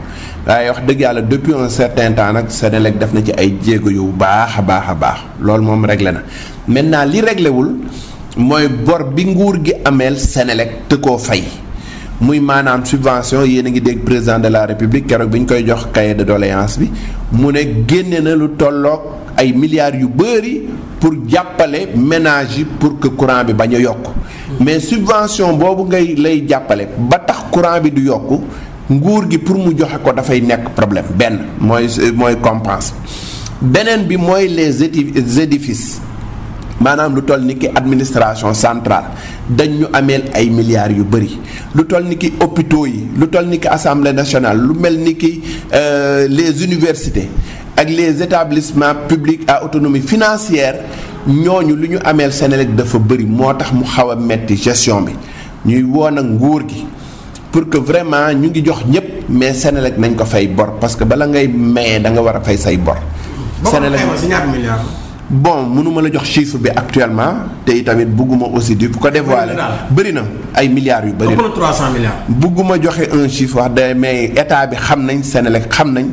waaye wax dëgg yàlla depuis un temps nag Sénélec def na ci ay jéego yu baax a baax a baax loolu moom réglé na maintenant li réglé mooy bor bi nguur gi ameel Sénélec te koo fay. muy maanaam subvention yéen a ngi dégg président de la république keroog bi ñu koy jox cahier de doléance bi mu ne génne na lu tolloog ay milliards yu bëri pour jàppale ménage pour que courant bi bañ a yokk mais subvention boobu ngay lay jàppale ba tax courant bi du yokk nguur gi pour mu joxe ko dafay nekk problème benn mooy mooy compense beneen bi mooy les édifices maanaam lu toll ni ki administration centrale dañ ñu ameel ay milliards yu bëri lu toll ni ki hôpitaux yi lu toll ni ki assemblée nationale lu mel ni ki euh, les universités ak les établissements publics à autonomie financière ñooñu lu ñu ameel Senelec dafa bëri moo tax mu xaw a metti gestion bi ñuy woon ak nguur gi pour que vraiment ñu ngi jox ñëpp mais Senelec nañ ko fay bor parce que bala ngay maye da nga war a fay say bor. Senelec si bon mënuma la jox chiffre bi actuellement te tamit bugguma aussi di ko dévoiler bëri na ay milliards yu bëri na 300 milliards bugguma joxe un chiffre wax day mais état bi xam nañ Senelec xam nañ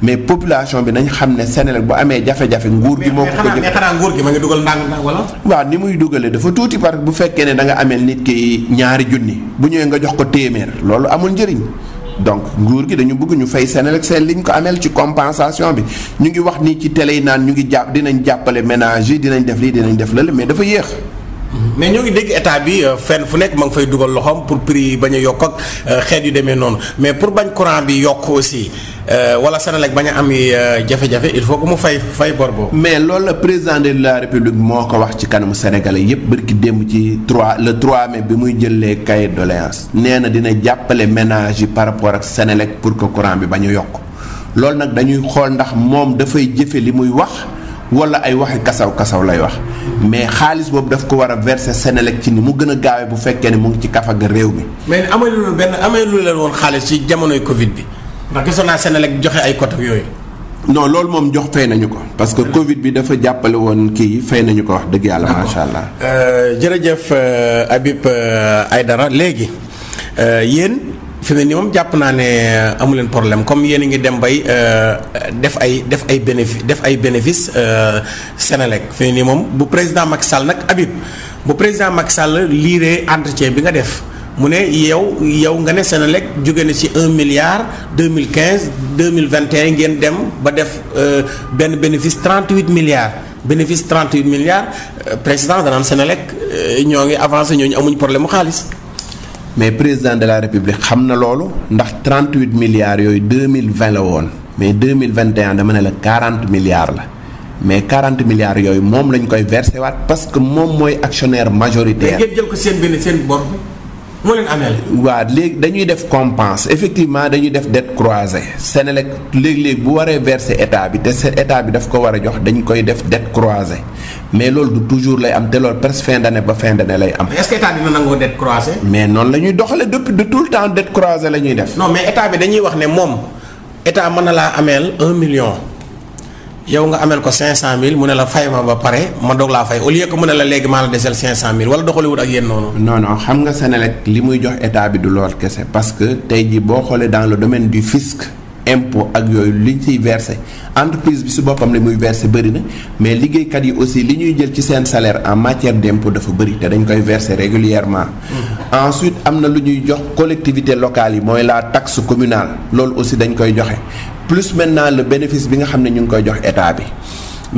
mais population bi nañ xam ne Senelec bu amee jafe-jafe nguur gi moo ko ko jëkk mais xanaa ma ngi dugal ndànk ndànk wala waaw ni muy dugalee dafa tuuti parce bu fekkee ne danga amee nit ki ñaari junni bu ñëwee nga jox ko téeméer loolu amul njëriñ donc nguur gi dañu bëgg ñu fay Senelec seen li ñu ko ameel ci compensation bi ñu ngi wax nii ci télé yi naan ñu ngi jàpp dinañ jàppale ménage yi dinañ def lii dinañ def lële mais dafa yéex mais ñoo ngi dégg état bi euh, fenn fu nekk ma ngi fay dugal loxoom pour prix bañ a yokk ak euh, xeet yu demee noonu mais pour bañ courant bi yokk aussi euh, wala Senelec bañ a am jafe-jafe il faut que mu fay fay bor mais loolu la président de la république moo ko wax ci kanamu sénégalais yépp bërki démb ci trois le 3 mais bi muy jëlee cahier de doléance nee na dina jàppale ménage yi par rapport ak Senelec pour que courant bi bañu yokk loolu nag dañuy xool ndax moom dafay jëfe li muy wax. wala ay waxi kasaw kasaw lay wax mais xaalis boobu daf ko war a verser Senelec ci ni mu gën a gaawee bu fekkee ne mu ngi ci kafaga réew mi. mais amee lu benn amee lu leen woon xaalis ci jamonoy Covid bi ndax gisoon naa Senelec joxe ay côté yooyu. non loolu moom jox fay nañu ko parce que Covid bi dafa jàppale woon kii fay nañu ko wax dëgg yàlla. macha allah euh, jërëjëf euh, Habib euh, Aïdara léegi yéen fi mu moom jàpp naa ne euh, amu leen problème comme yéen a ngi dem bay euh, def ay def ay bénéfice def ay bénéfice euh, Sénélec fi mu nii moom bu président Macky Sall nag Habib bu président Macky Sall liiree entretien bi nga def. mu ne yow yow nga ne Senelec jóge na ci un milliard deux mille quinze deux mille vingt et un ngeen dem ba def benn bénéfice trente huit milliards bénéfice trente huit milliards président danaan Senelec ñoo ngi avancer ñoo ñu amuñ problème xaalis. mais président de la république xam na loolu ndax 38 milliards yooyu 2020 la woon mais 2021 dama ne la 40 milliards la mais 40 milliards yooyu moom lañu koy versé waat parce que moom mooy actionnaire majoritaire. mais ngeen jël ko seen benn seen boot bi moo leen ameel. waaw léegi dañuy def compense effectivement dañuy def dette croisée Senelec léeg-léeg bu waree verser état bi te état bi daf ko war a jox dañ koy def dette croisée mais loolu du toujours lay am te loolu presque fin ba fin d'année lay am. est-ce que état dina nangoo dette croisée. mais noonu la ñuy doxalee depuis de tout le temps dette croisée la def. non mais état bi dañuy wax ne moom état mën na laa ameel un million. yow nga ameel ko 500000 mu ne la fay ma ba pare ma doog laa fay au lieu que mu ne la léegi maa la desel 500000 wala doxaliwut ak yéen noonu. non non xam nga Senelec li muy jox état bi du lool kese parce que tey jii boo xoolee dans le domaine du fisc. impôt ak yooyu li ciy versé entreprise bi su boppam li muy versé bëri na mais liggéeykat yi aussi li ñuy jël ci seen salaire en matière d' dafa bëri te dañ koy versé régulièrement mmh. ensuite am na lu ñuy jox collectivité locale yi mooy la taxe communale loolu aussi dañ koy joxe plus maintenant le bénéfice bi nga xam ne ñu ngi koy jox état bi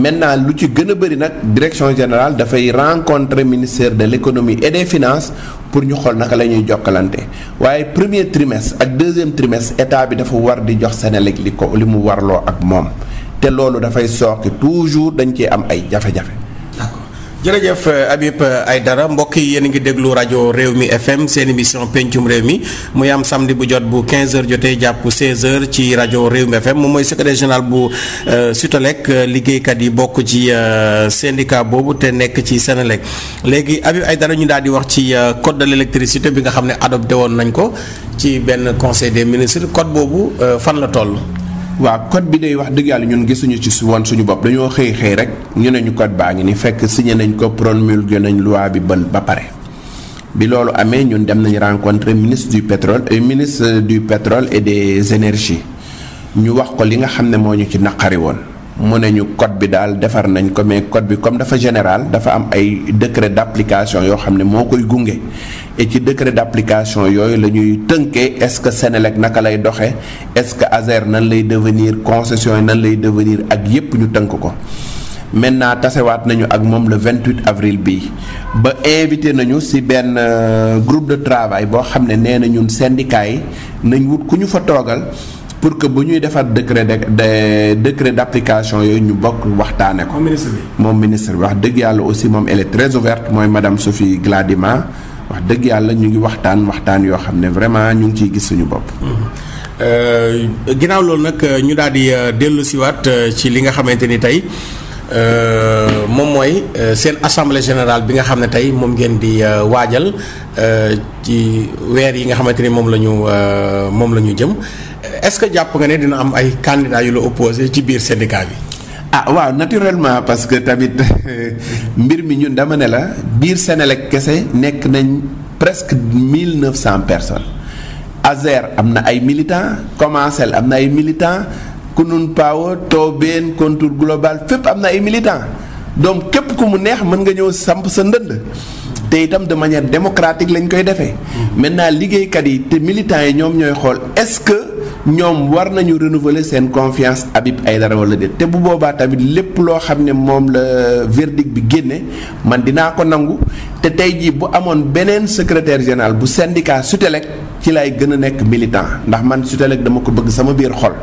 maintenant lu ci gën a bëri nag direction générale dafay rencontrer ministère de l'économie et finance pour ñu xool naka la ñuy jokkalante waaye premier trimestre ak deuxième trimestre état bi dafa war di jox Senelec li ko li mu warloo ak moom te loolu dafay sooke toujours dañ cee am ay jafe-jafe jërëjëf euh, Habib euh, Aïdara mbokk yi yéen a ngi déglu rajo réew mi FM seen émission pencum réew mi muy am samdi bu jot bu 15h jotee jàpp 16h ci rajo réew mi FM moom mooy secrétaire général bu euh, Sutelec liggéeykat yi bokk ci syndicat boobu te nekk ci Senelec léegi Habib Aïdara ñu daal di wax ci code de l' électricité bi nga xam ne adopté woon nañ ko ci benn conseil des ministres code boobu fan la toll. waaw code bi day wax dëgg yàlla ñun gisuñu ci su suñu bopp dañoo xëy xëy rek ñu ne ñu code baa ngi ni fekk signé nañ ko promulgué nañ loi bi ban ba pare. bi loolu amee ñun dem nañu rencontrer ministre du pétrole et euh, ministre du pétrole et des énergies ñu wax ko li nga xam ne moo ñu ci naqari woon. mu ne ñu code bi daal defar nañ ko mais code bi comme dafa général dafa am ay décret d'application yoo xam ne moo koy gunge et ci décret d'application yooyu la ñuy tënkee est-ce que Senelec naka lay doxee est-ce que Azer nan lay devenir concession yi nan lay devenir ak yépp ñu tënk ko maintenant tasewaat nañu ak moom le 28 avril bii ba invité nañu ci benn euh, groupe de travail boo xam ne nee na ñun syndicat yi nañ wut ku ñu fa toogal pour que bu ñuy defar décret de décret d' yooyu ñu bokk waxtaane ko. moom ministre bi wax dëgg yàlla aussi moom elle est très mooy madame Sophie Gladima wax dëgg yàlla ñu ngi waxtaan waxtaan yoo xam ne vraiment ñu ngi ciy gis suñu bopp. Euh, ginnaaw loolu nag ñu daal di euh, dellusiwaat euh, ci li nga xamante ni tey. Euh, moom mooy euh, seen assemblée général bi nga xam ne tey moom ngeen di euh, waajal ci weer yi nga xamante ni moom la ñu moom la ñu jëm est-ce que jàpp nga ne dina am ay candidats yu la opposé ci biir syndicat bi. ah waaw naturellement parce que tamit mbir mi ñun dama ne la biir Sénélec kese nekk nañ presque mille neuf cent personne Azer am na ay militants Commacel am na ay militants. kunun paawa toobeen contour global fépp am na ay militants donc képp ku mu neex mën nga ñëw samp sa ndënd te itam de manière démocratique lañ koy defee maintenant liggéeykat yi te militants yi ñoom ñooy xool est-ce que ñoom war nañu renouveler seen confiance ay Aïdara wala déet te bu boobaa tamit lépp loo xam ne moom la verdict bi génne man dinaa ko nangu te tey jii bu amoon beneen secrétaire général bu syndicat Sutelec ci laay gën nekk militant ndax man Sutelec dama ko bëgg sama biir xol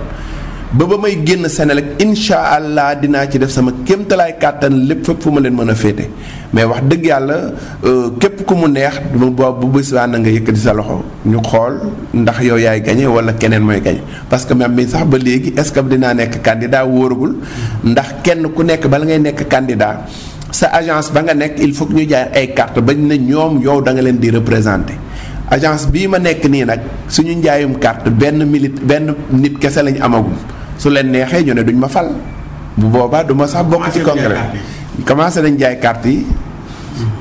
ba ba may génn Senelec incha allah dinaa ci def sama kéemtalaay kàttan lépp fépp fu ma leen mën a féete mais wax dëgg yàlla euh, képp ku mu neex bu bu bés na nga yëkkati sa loxo ñu xool ndax yow yaay gañe wala keneen mooy gañe parce que même bi sax ba léegi est-ce que dinaa nekk candidat wóoragul ndax kenn ku nekk bala ngay nekk candidat sa agence ba nga nekk il faut que ñu jaay ay carte bañ ne ñoom yow da nga leen di représenter. agence bii ma nekk nii nag suñu njaayum carte benn milit benn nit kese lañ amagum. su leen neexee ñu ne duñ ma fal bu boobaa du ma sax bokk ci congrès commencé nañ jaay carte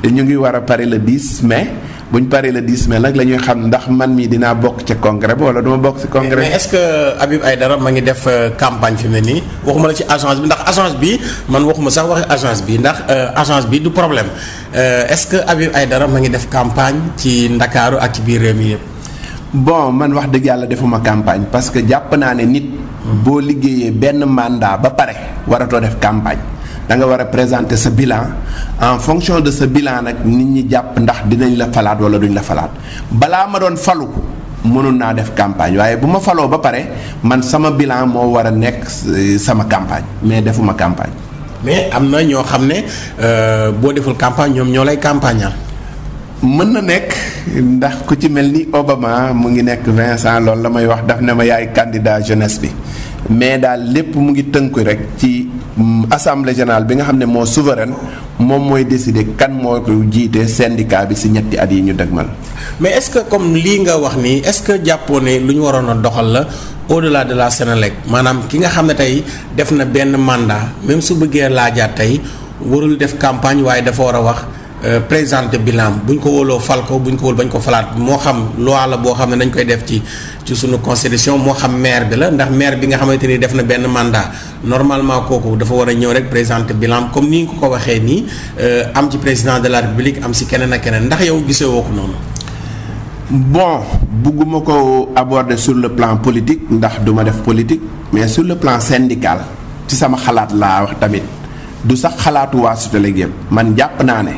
yi ñu ngi war a pare le 10 mai buñ paree le 10 mai nag la ñuy xam ndax man mii dinaa bokk ca congrès ba wala du ma bokk ci congrès mais est-ce que Habib Aïdara ma ngi def euh, campagne fi mu ne nii waxuma la ci agence bi ndax agence bi man waxuma sax waxi agence bi ndax euh, agence bi du problème euh, est-ce que Habib Aïdara ma ngi def campagne ci Ndakaaru ak ci biir réew mi yëpp. bon man wax dëgg yàlla defuma campagne parce que jàpp naa ne nit. boo liggéeyee benn mandat ba pare waratoo def campagne da nga war a présenter sa bilan en fonction de sa bilan nag nit ñi jàpp ndax dinañ la falaat wala duñ la falaat balaa ma doon falu mënul naa def campagne waaye bu ma faloo ba pare man sama bilan moo war a nekk euh, sama campagne mais defuma campagne. mais am na ñoo xam ne euh, boo deful campagne ñoom ñoo lay campagnal. mën na nekk ndax ku ci mel ni Obama mu ngi nekk Vincent loolu la may wax daf ne ma yaay candidat jeunesse bi mais daal lépp mu ngi tënku rek ci assemblée générale bi nga xam ne moo souveraine moom mooy décider kan moo ko jiite syndicat bi si ñetti at yi ñu dëgmal. mais est-ce que comme lii nga wax nii est-ce que jàppoo ne lu ñu waroon a doxal la au-delà de la Sénélec maanaam ki nga xam ne tey def na benn mandat même su bëggee laajaat tey warul def campagne waaye dafa war a wax. Euh, présenté bilan bu ñu ko wóoloo fal ko buñ ko wóol bañ ko falaat moo xam loi la boo xam ne nañ koy def ci ci sunu constitution moo xam maire bi la ndax maire bi nga xamante ni def na benn mandat normalement kooku dafa war a ñëw rek présenté bilan comme ni nga ko ko waxee nii euh, am ci président de la république am si keneen ak keneen ndax yow gisee ko noonu. bon bugguma ko aborder sur le plan politique ndax duma def politique mais sur le plan syndical ci sama xalaat laa wax tamit du sax xalaatu waa Sutelec yëpp man jàpp naa ne.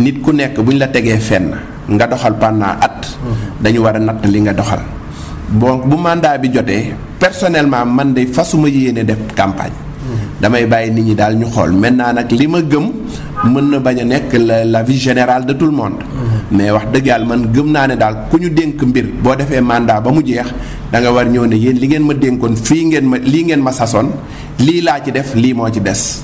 nit ku nekk bu ñu la tegee fenn nga doxal pendant at. Mhm. dañu war a natt li nga doxal. bon bu mandat bi jotee personnellement man de fasuma yéene def campagne. Mhm. damay bàyyi nit ñi daal ñu xool maintenant nag li ma gëm mën na bañ a nekk la la vie générale de tout monde. Mhm. mais wax dëgg yàlla man gëm naa ne daal ku ñu dénk mbir boo defee mandat ba mu jeex da nga war ñëw ne yéen li ngeen ma dénkoon fii ngeen ma lii ngeen ma sasoon lii laa ci def lii moo ci des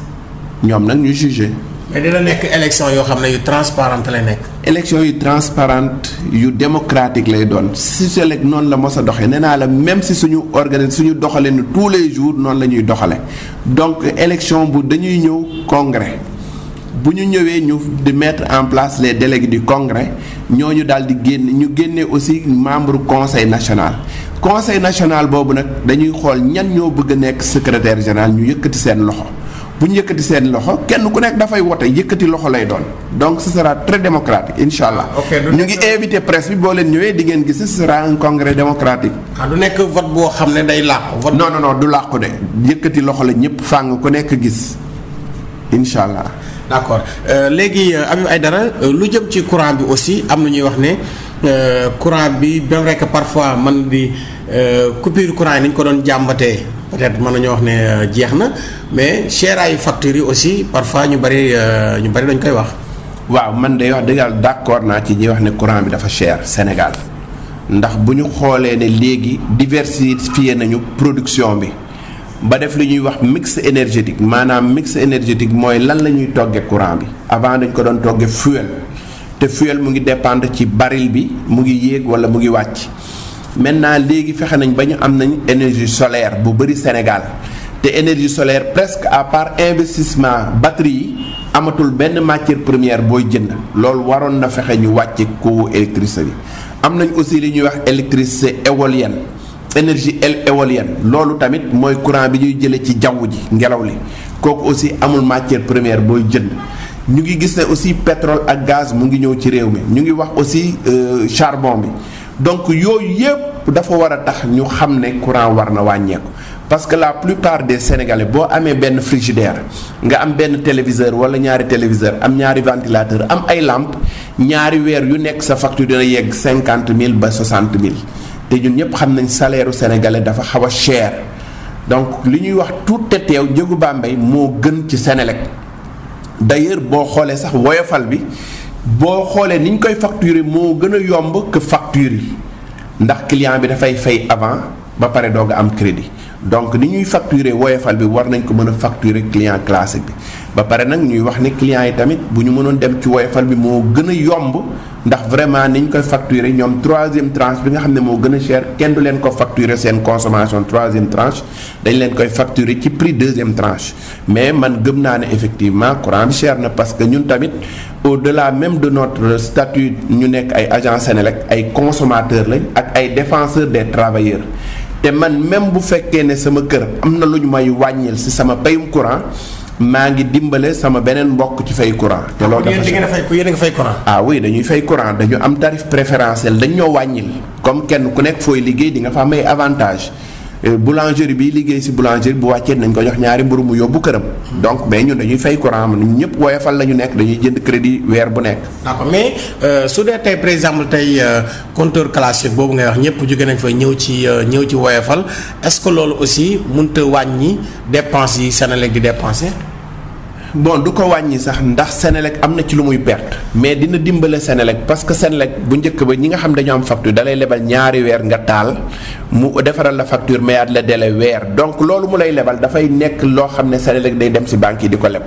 ñoom nag ñu jugé. mais dina nekk élection yoo xam ne yu transparente lay nekk. élection yu transparente yu démocratique lay doon si selek noonu la mos a doxee nee naa la même si suñu organise suñu doxale ni tous les jours noonu la ñuy doxale donc élection bu dañuy ñëw congrès bu ñu ñëwee ñu di mettre en place les délégués du congrès ñooñu daal di génn ñu génnee aussi membre conseil national conseil national boobu nag dañuy xool ñan ñoo bëgg a nekk secrétaire général ñu yëkkati seen loxo bu ñu yëkkati seen loxo kenn ku nekk dafay wote yëkkati loxo lay doon donc ce sera très démocratique incha allah. ñu ngi invité presse bi boo leen ñëwee di ngeen gis ce sera un congrès démocratique. du ah, nekk vote boo xam ne day làqu. vote noo non noo du làqu de yëkkati loxo la ñëpp fàng ku nekk gis incha allah. d' accord euh, léegi euh, Habib Aïdara euh, lu jëm ci courant bi aussi am na ñuy wax ne. Euh, courant bi bien vrai que parfois man di euh, coupure courant yi ni ñu ko doon jàmbatee peut-être mën nañoo wax ne euh, jeex na mais seeraayu factures yi aussi parfois ñu bari ñu bari dañ koy wax. waaw man day wax dëgg d'accord naa ci ñuy wax ne courant bi dafa cher Sénégal ndax bu ñu xoolee ne léegi diversifié nañu production bi ba def li ñuy wax mix énergétique maanaam mix énergétique mooy lan la ñuy toggee courant bi. avant dañ ko doon toggee fuel. te fuel mu ngi dépendre ci baril bi mu ngi yéeg wala mu ngi wàcc maintenant léegi fexe nañ ba ñu am nañ énergie solaire bu bëri Sénégal te énergie solaire presque à part investissement batterie yi amatul benn matière première booy jënd loolu waroon na fexe ñu wàcce ko électricité bi am nañ aussi li ñuy wax électricité éolienne énergie éolienne loolu tamit mooy courant bi ñuy jëlee ci jaww ji ngelaw li kooku aussi amul matière première booy jënd ñu ngi gis ne aussi pétrole ak gaz mu ngi ñëw ci réew mi ñu ngi wax aussi euh, charbon bi donc yooyu yëpp dafa war a tax ñu xam ne courant war na wàññeeku parce que la plupart des sénégalais boo amee benn frigidaire nga am benn téléviseur wala ñaari téléviseur am ñaari ventilateur am ay làmp ñaari weer yu nekk sa facture dina yegg cinquante mille ba soixante mille te ñun ñëpp xam nañ salaire u dafa xaw a cher donc li ñuy wax tuut te teew njëgu Bambey moo gën ci Sénélec. d'ailleurs boo xoolee sax woyofal bi boo xoolee ni koy facturer moo gën a yomb que facture yi ndax client bi dafay fay avant ba pare doog a am crédit donc ni ñuy facturer woyofal bi war nañ ko mën a facturer client classique bi ba pare nag ñuy wax ni clients yi tamit bu ñu mënoon dem ci woyofal bi moo gën a yomb ndax vraiment ni ñu koy facturer ñoom troisième tranche bi nga xam ne moo gën a cher kenn du leen ko facturer seen consommation troisième tranche dañ leen koy facturer ci prix deuxième tranche mais man gëm naa ne effectivement courant chair na parce que ñun tamit de la même de notre statut ñu nekk ay agent rek ay consommateurs lay ak ay défenseurs des travailleurs te man même bu fekkee ne sama kër am na lu ñu may wàññil si sama payum courant maa ngi dimbale sama beneen mbokk ci fay courant. te loolu dafa yéen a ngi fay courant. ah oui dañuy fay courant dañu am tarif préférentiel dañ ñoo wàññil comme kenn ku nekk fooy liggéey di nga fa am avantage Euh, boulangerie bi liggéey si boulangerie bu wàccee nañ ko jox ñaari mburu mu yóbbu këram. donc mais ñun dañuy fay courant ñun ñëpp woyofal la ñu nekk dañuy jënd crédit weer bu nekk. d'accord mais euh, su dee tey par exemple tey euh, compteur classique boobu ngay wax ñëpp jóge nañ fay ñëw ci ñëw ci woyofal est-ce que loolu aussi mënut a wàññi dépense yi Senelec di dépenser. bon du ko wàññi sax ndax senelek am na ci lu muy perte mais dina dimbale Senelec parce que Senelec bu njëkk ba ñi nga xam dañoo am facture dalay lebal ñaari weer nga taal mu defaral la facture mayaat la délai weer donc loolu mu lay lebal dafay nekk loo xam ne Senelec day dem si banque di ko leb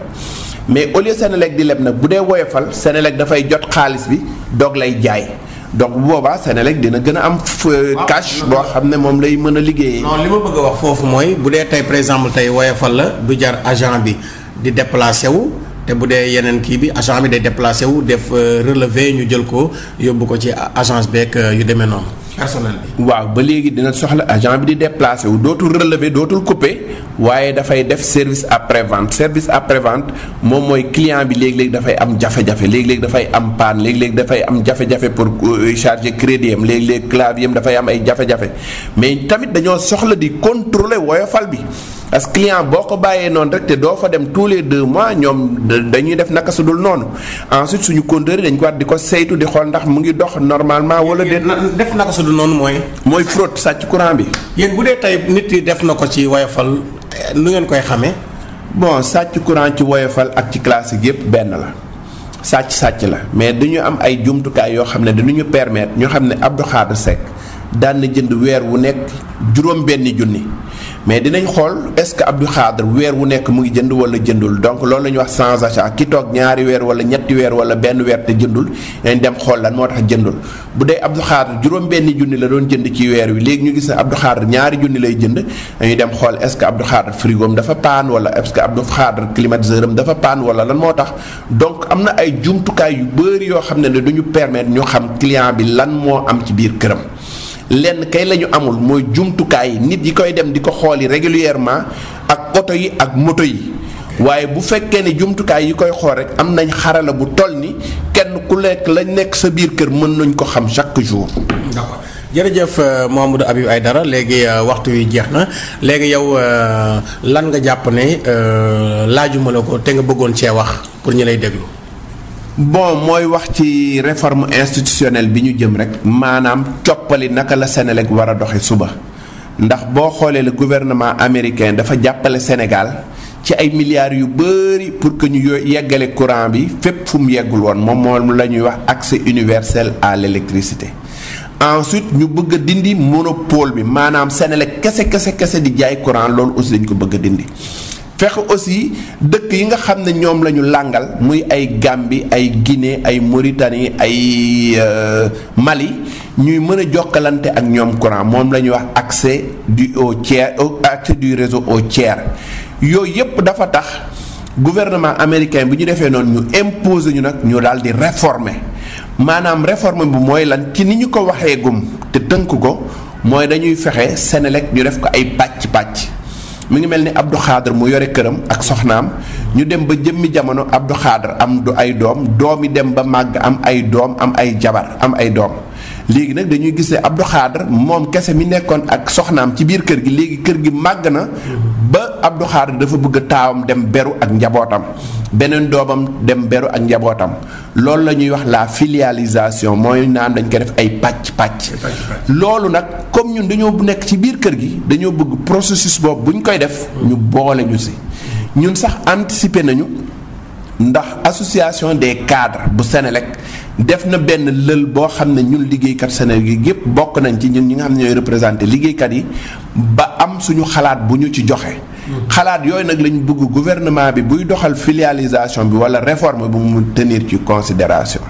mais au lieu Senelec di leb nag bu dee woyofal Senelec dafay jot xaalis bi doog lay jaay donc bu boobaa Senelec dina gën a am. Euh, cash boo xam ne moom lay mën a liggéeyee. li ma bëgg a wax foofu mooy bu dee tey par exemple tey woyofal la du jar agent bi. di déplacé wu te bu dee yeneen kii bi agent bi day déplacé wu def euh, relevé ñu jël ko yóbbu ko ci agence beeg euh, yu demee noonu personnel bi. waaw ba léegi dina soxla agent bi di déplacé wu dootul relevé dootul coupé waaye dafay def service après vente service après vente moom mooy client bi léeg léegi dafay am jafe-jafe léeg léegi dafay am panne léeg léegi dafay am jafe-jafe pour euh, charger crédit am léeg-léeg clavier am dafay am ay jafe-jafe mais tamit bi. parce que client boo ko bàyyee noonu rek te doo fa dem tous les deux mois ñoom dañuy def naka su dul noonu ensuite suñu compteur yi ko war di ko saytu di xool ndax mu ngi dox normalement wala déet. def naka su dul noonu mooy. mooy fraude sàcc courant bi. yéen bu dee tey nit yi def na ko ci woyofal lu ngeen koy xamee. bon sàcc courant ci woyofal ak ci classique yépp benn la sàcc sàcc la mais dañu am ay jumtukaay yoo xam ne dañu permettre ñoo xam ne Abdou Khadre Seck daan na jënd weer wu nekk juróom benni mais dinañ xool est-ce que Abdou Khadre weer wu nekk mu ngi jënd wala jëndul donc loolu la ñuy wax sans ak ki toog ñaari weer wala ñetti weer wala benn weer te jëndul dañ dem xool lan moo tax jëndul bu dee Abdou Khadre juróom-benni junni la doon jënd ci weer wi léegi ñu gis ne Abdou ñaari junni lay jënd dañuy dem xool est-ce que Abdou Khadre frigoom dafa paan wala est-ce que Abdou Khadre am dafa paan wala lan moo tax donc am na ay jumtukaay yu bëri yoo xam ne ne duñu permettre ñu xam client bi lan moo am ci biir këram lenn kay la ñu amul mooy jumtukaay nit yi koy dem di ko xooli régulièrement ak oto yi ak moto yi waaye bu fekkee ne jumtukaay yi koy xool rek am nañ xarala bu toll ni kenn ku lekk lañ nekk sa biir kër mën nañ ko xam chaque jour. d'accord jërëjëf Mouhamadou ay dara léegi euh, waxtu wi jeex na léegi yow euh, lan nga jàpp ne euh, laajuma la ko te nga bëggoon cee wax pour ñu lay déglu. bon mooy wax ci réforme institutionnelle bi ñu jëm rek maanaam coppali naka la Sénélec war a doxe suba ndax boo xoolee le gouvernement américain dafa jàppale Sénégal ci ay milliards yu bëri pour que ñu yeggale courant bi fépp fu mu yeggul woon moom moom la ñuy wax accès universel à l' électricité ensuite ñu bëgg a dindi monopole bi maanaam Sénélec kese kese kese di jaay courant loolu aussi dañ ko bëgg a dindi fexe aussi dëkk yi nga xam ne ñoom la ñu làngal muy ay Gambie ay Guinée ay Mauritanie ay euh, Mali ñuy mën a jokkalante ak ñoom courant moom la ñuy wax accès du au tiers accès du réseau au tiers yooyu yépp dafa tax gouvernement américain bi ñu defee noonu ñu imposer ñu nag ñu daal di réformer maanaam réforme bi mooy lan ci ni ñu ko waxee gum te tënk ko mooy dañuy fexe Senelec ñu def ko ay pàcc-pàcc mi ngi mel ni Abdou Khadre mu yore këram ak soxnaam ñu dem ba jëmmi jamono Abdou Khadre am du ay doom doom yi dem ba màgg am ay doom am ay jabar am ay doom léegi nag dañuy gis ne Abdou Khadre moom kese mi nekkoon ak soxnaam ci biir kër gi léegi kër gi màgg na ba Abdou Khadre dafa bëgg taawam dem beru ak njabootam beneen doomam dem beru ak njabootam loolu la ñuy wax la filialisation mooy naan dañ koy def ay pàcc pàcc. loolu nag comme ñun dañoo nekk ci biir kër gi dañoo bëgg processus boobu bu ñu koy def. ñu boole ñu si ñun sax anticiper nañu ndax association des kaadar bu senelek def na benn lël boo xam ne ñun liggéeykat Sénégal gi yëpp bokk nañ ci ñun ñi nga xam ne ñooy représenté liggéeykat yi ba am suñu xalaat bu ñu ci joxe. Hmm. xalaat yooyu nag lañ bëgg gouvernement bi buy doxal filialisation bi wala réforme bu mu tenir ci considération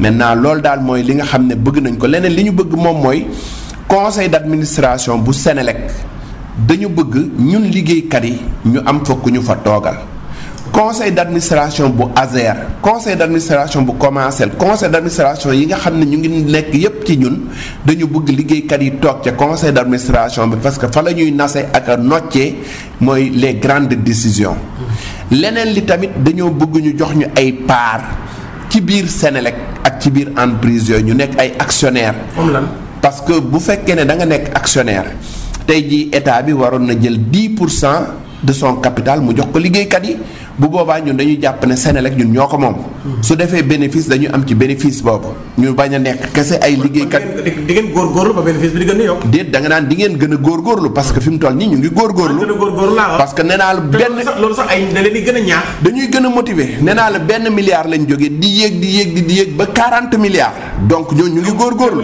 maintenant loolu daal mooy li nga xam ne bëgg nañ ko leneen li ñu bëgg moom mooy conseil d'administration bu senelek dañu bëgg ñun liggéeykat yi ñu am fa ku ñu fa toogal. conseil d' administration bu ASER conseil d' administration bu Comasel conseil d' administration yi nga xam ne ñu ngi nekk yépp ci ñun dañu bëgg liggéeykat yi toog ca conseil d' administration bi parce que fa la ñuy nase ak a noccee mooy les grandes décisions leneen li tamit dañoo bëgg ñu jox ñu ay part ci biir Sénélec ak ci biir entreprise yooyu ñu nekk ay actionnaire parce que bu fekkee ne da nga nekk actionnaire tey jii état bi waroon na jël 10 pour cent de son capital mu jox ko liggéeykat yi bu boobaa ñun dañuy jàpp ne Senelec ñun ñoo ko moom. su defee bénéfice dañuy am ci bénéfice boobu ñu bañ a nekk kese ay liggéeykat. di ngeen góorgóorlu ba bénéfice bi di gën a yokk. déet da naan di ngeen gën a góorgóorlu parce fi mu toll nii ñu ngi góorgóorlu. gën a góorgóorlu laa parce que nee naa la benn gën a ñaax. dañuy gën a motiver nee naa la benn milliard lañ jógee di yéeg di yéeg di yéeg ba 40 milliards. donc ñooñu ñu ngi góor góorgóorlu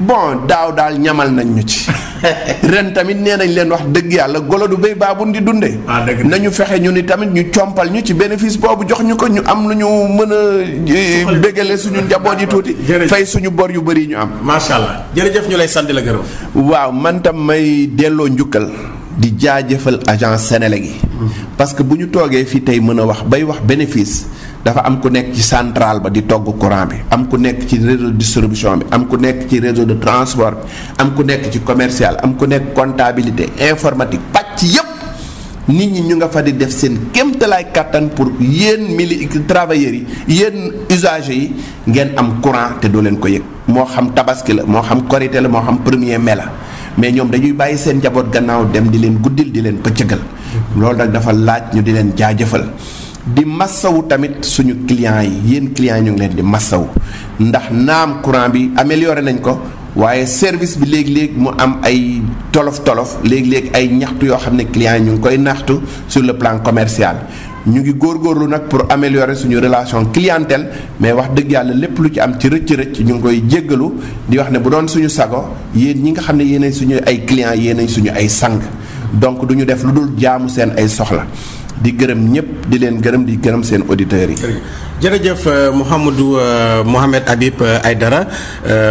bon daaw daal ñamal nañ ñu ci ren tamit nee nañ leen wax dëgg yàlla golo du béy baabun di dunde ah, nañu fexe ñu ni tamit ñu compal ñu ci bénéfice boobu jox ñu ko ñu am lu ñu mën a eh, bégale suñu njaboot yi tuuti fay suñu bor yu bëri ñu am macha allah jërëjëf ñu lay sant gërëm waaw man tam may delloo njukkal di jaajëfal agence Senelec yi hmm. parce que bu ñu toogee fii tey mën a wax bay wax bénéfice dafa am ku nekk ci centrale ba di togg courant bi am ku nekk ci réseau de distribution bi am ku nekk ci réseau de transport bi am ku nekk ci commercial am ku nekk comptabilité informatique pàcc yépp nit ñi ñu nga fa di def seen kéemtalaay kàttan pour yéen mili travailleurs yi yéen usagers yi ngeen am courant te doo leen ko yëg moo xam tabaski la moo xam korité la moo xam premier mai la mais ñoom dañuy bàyyi seen njaboot gannaaw dem di leen guddil di leen pëccëgal mm-hmm. loolu nag dafa laaj ñu di leen jaajëfal di massawu tamit suñu clients yi yéen clients yi ñu ngi leen di massawu ndax naam courant bi ameliore nañ ko waaye service bi léegi léeg mu am ay tolof-tolof léegi léeg ay ñaxtu yoo xam ne clients yi ñu ngi koy naxtu sur le plan commercial ñu ngi góorgóorlu nag pour améliorer suñu relation clientèle mais wax dëgg yàlla lépp lu ci am ci rëcc-rëcc ñu ngi koy jéggalu di wax ne bu doon suñu sago yéen ñi nga xam ne yéen suñu ay clients yéen suñu ay sang donc du ñu def lu dul jaamu seen ay soxla di gërëm ñëpp di leen gërëm di gërëm seen auditeurs yi. jërëjëf euh, Mouhamadou euh, Mohamed Habib euh, Aydara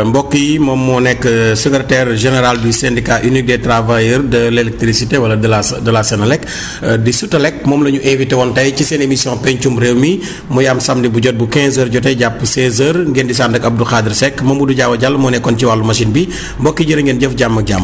mbokk yi moom moo nekk secrétaire général du syndicat unique des travailleurs de l' électricité wala de la de la Sénélec di Sutelec moom la ñu invité woon tey ci seen émission pencum réew mi muy am samedi bu jot bu 15h jotee jàpp 16h ngeen di sànd ak Abdou Khadre Seck Mamadou Diaw Diallo moo nekkoon ci wàllu machine bi mbokki yi ngeen jëf jàmm ak jàmm.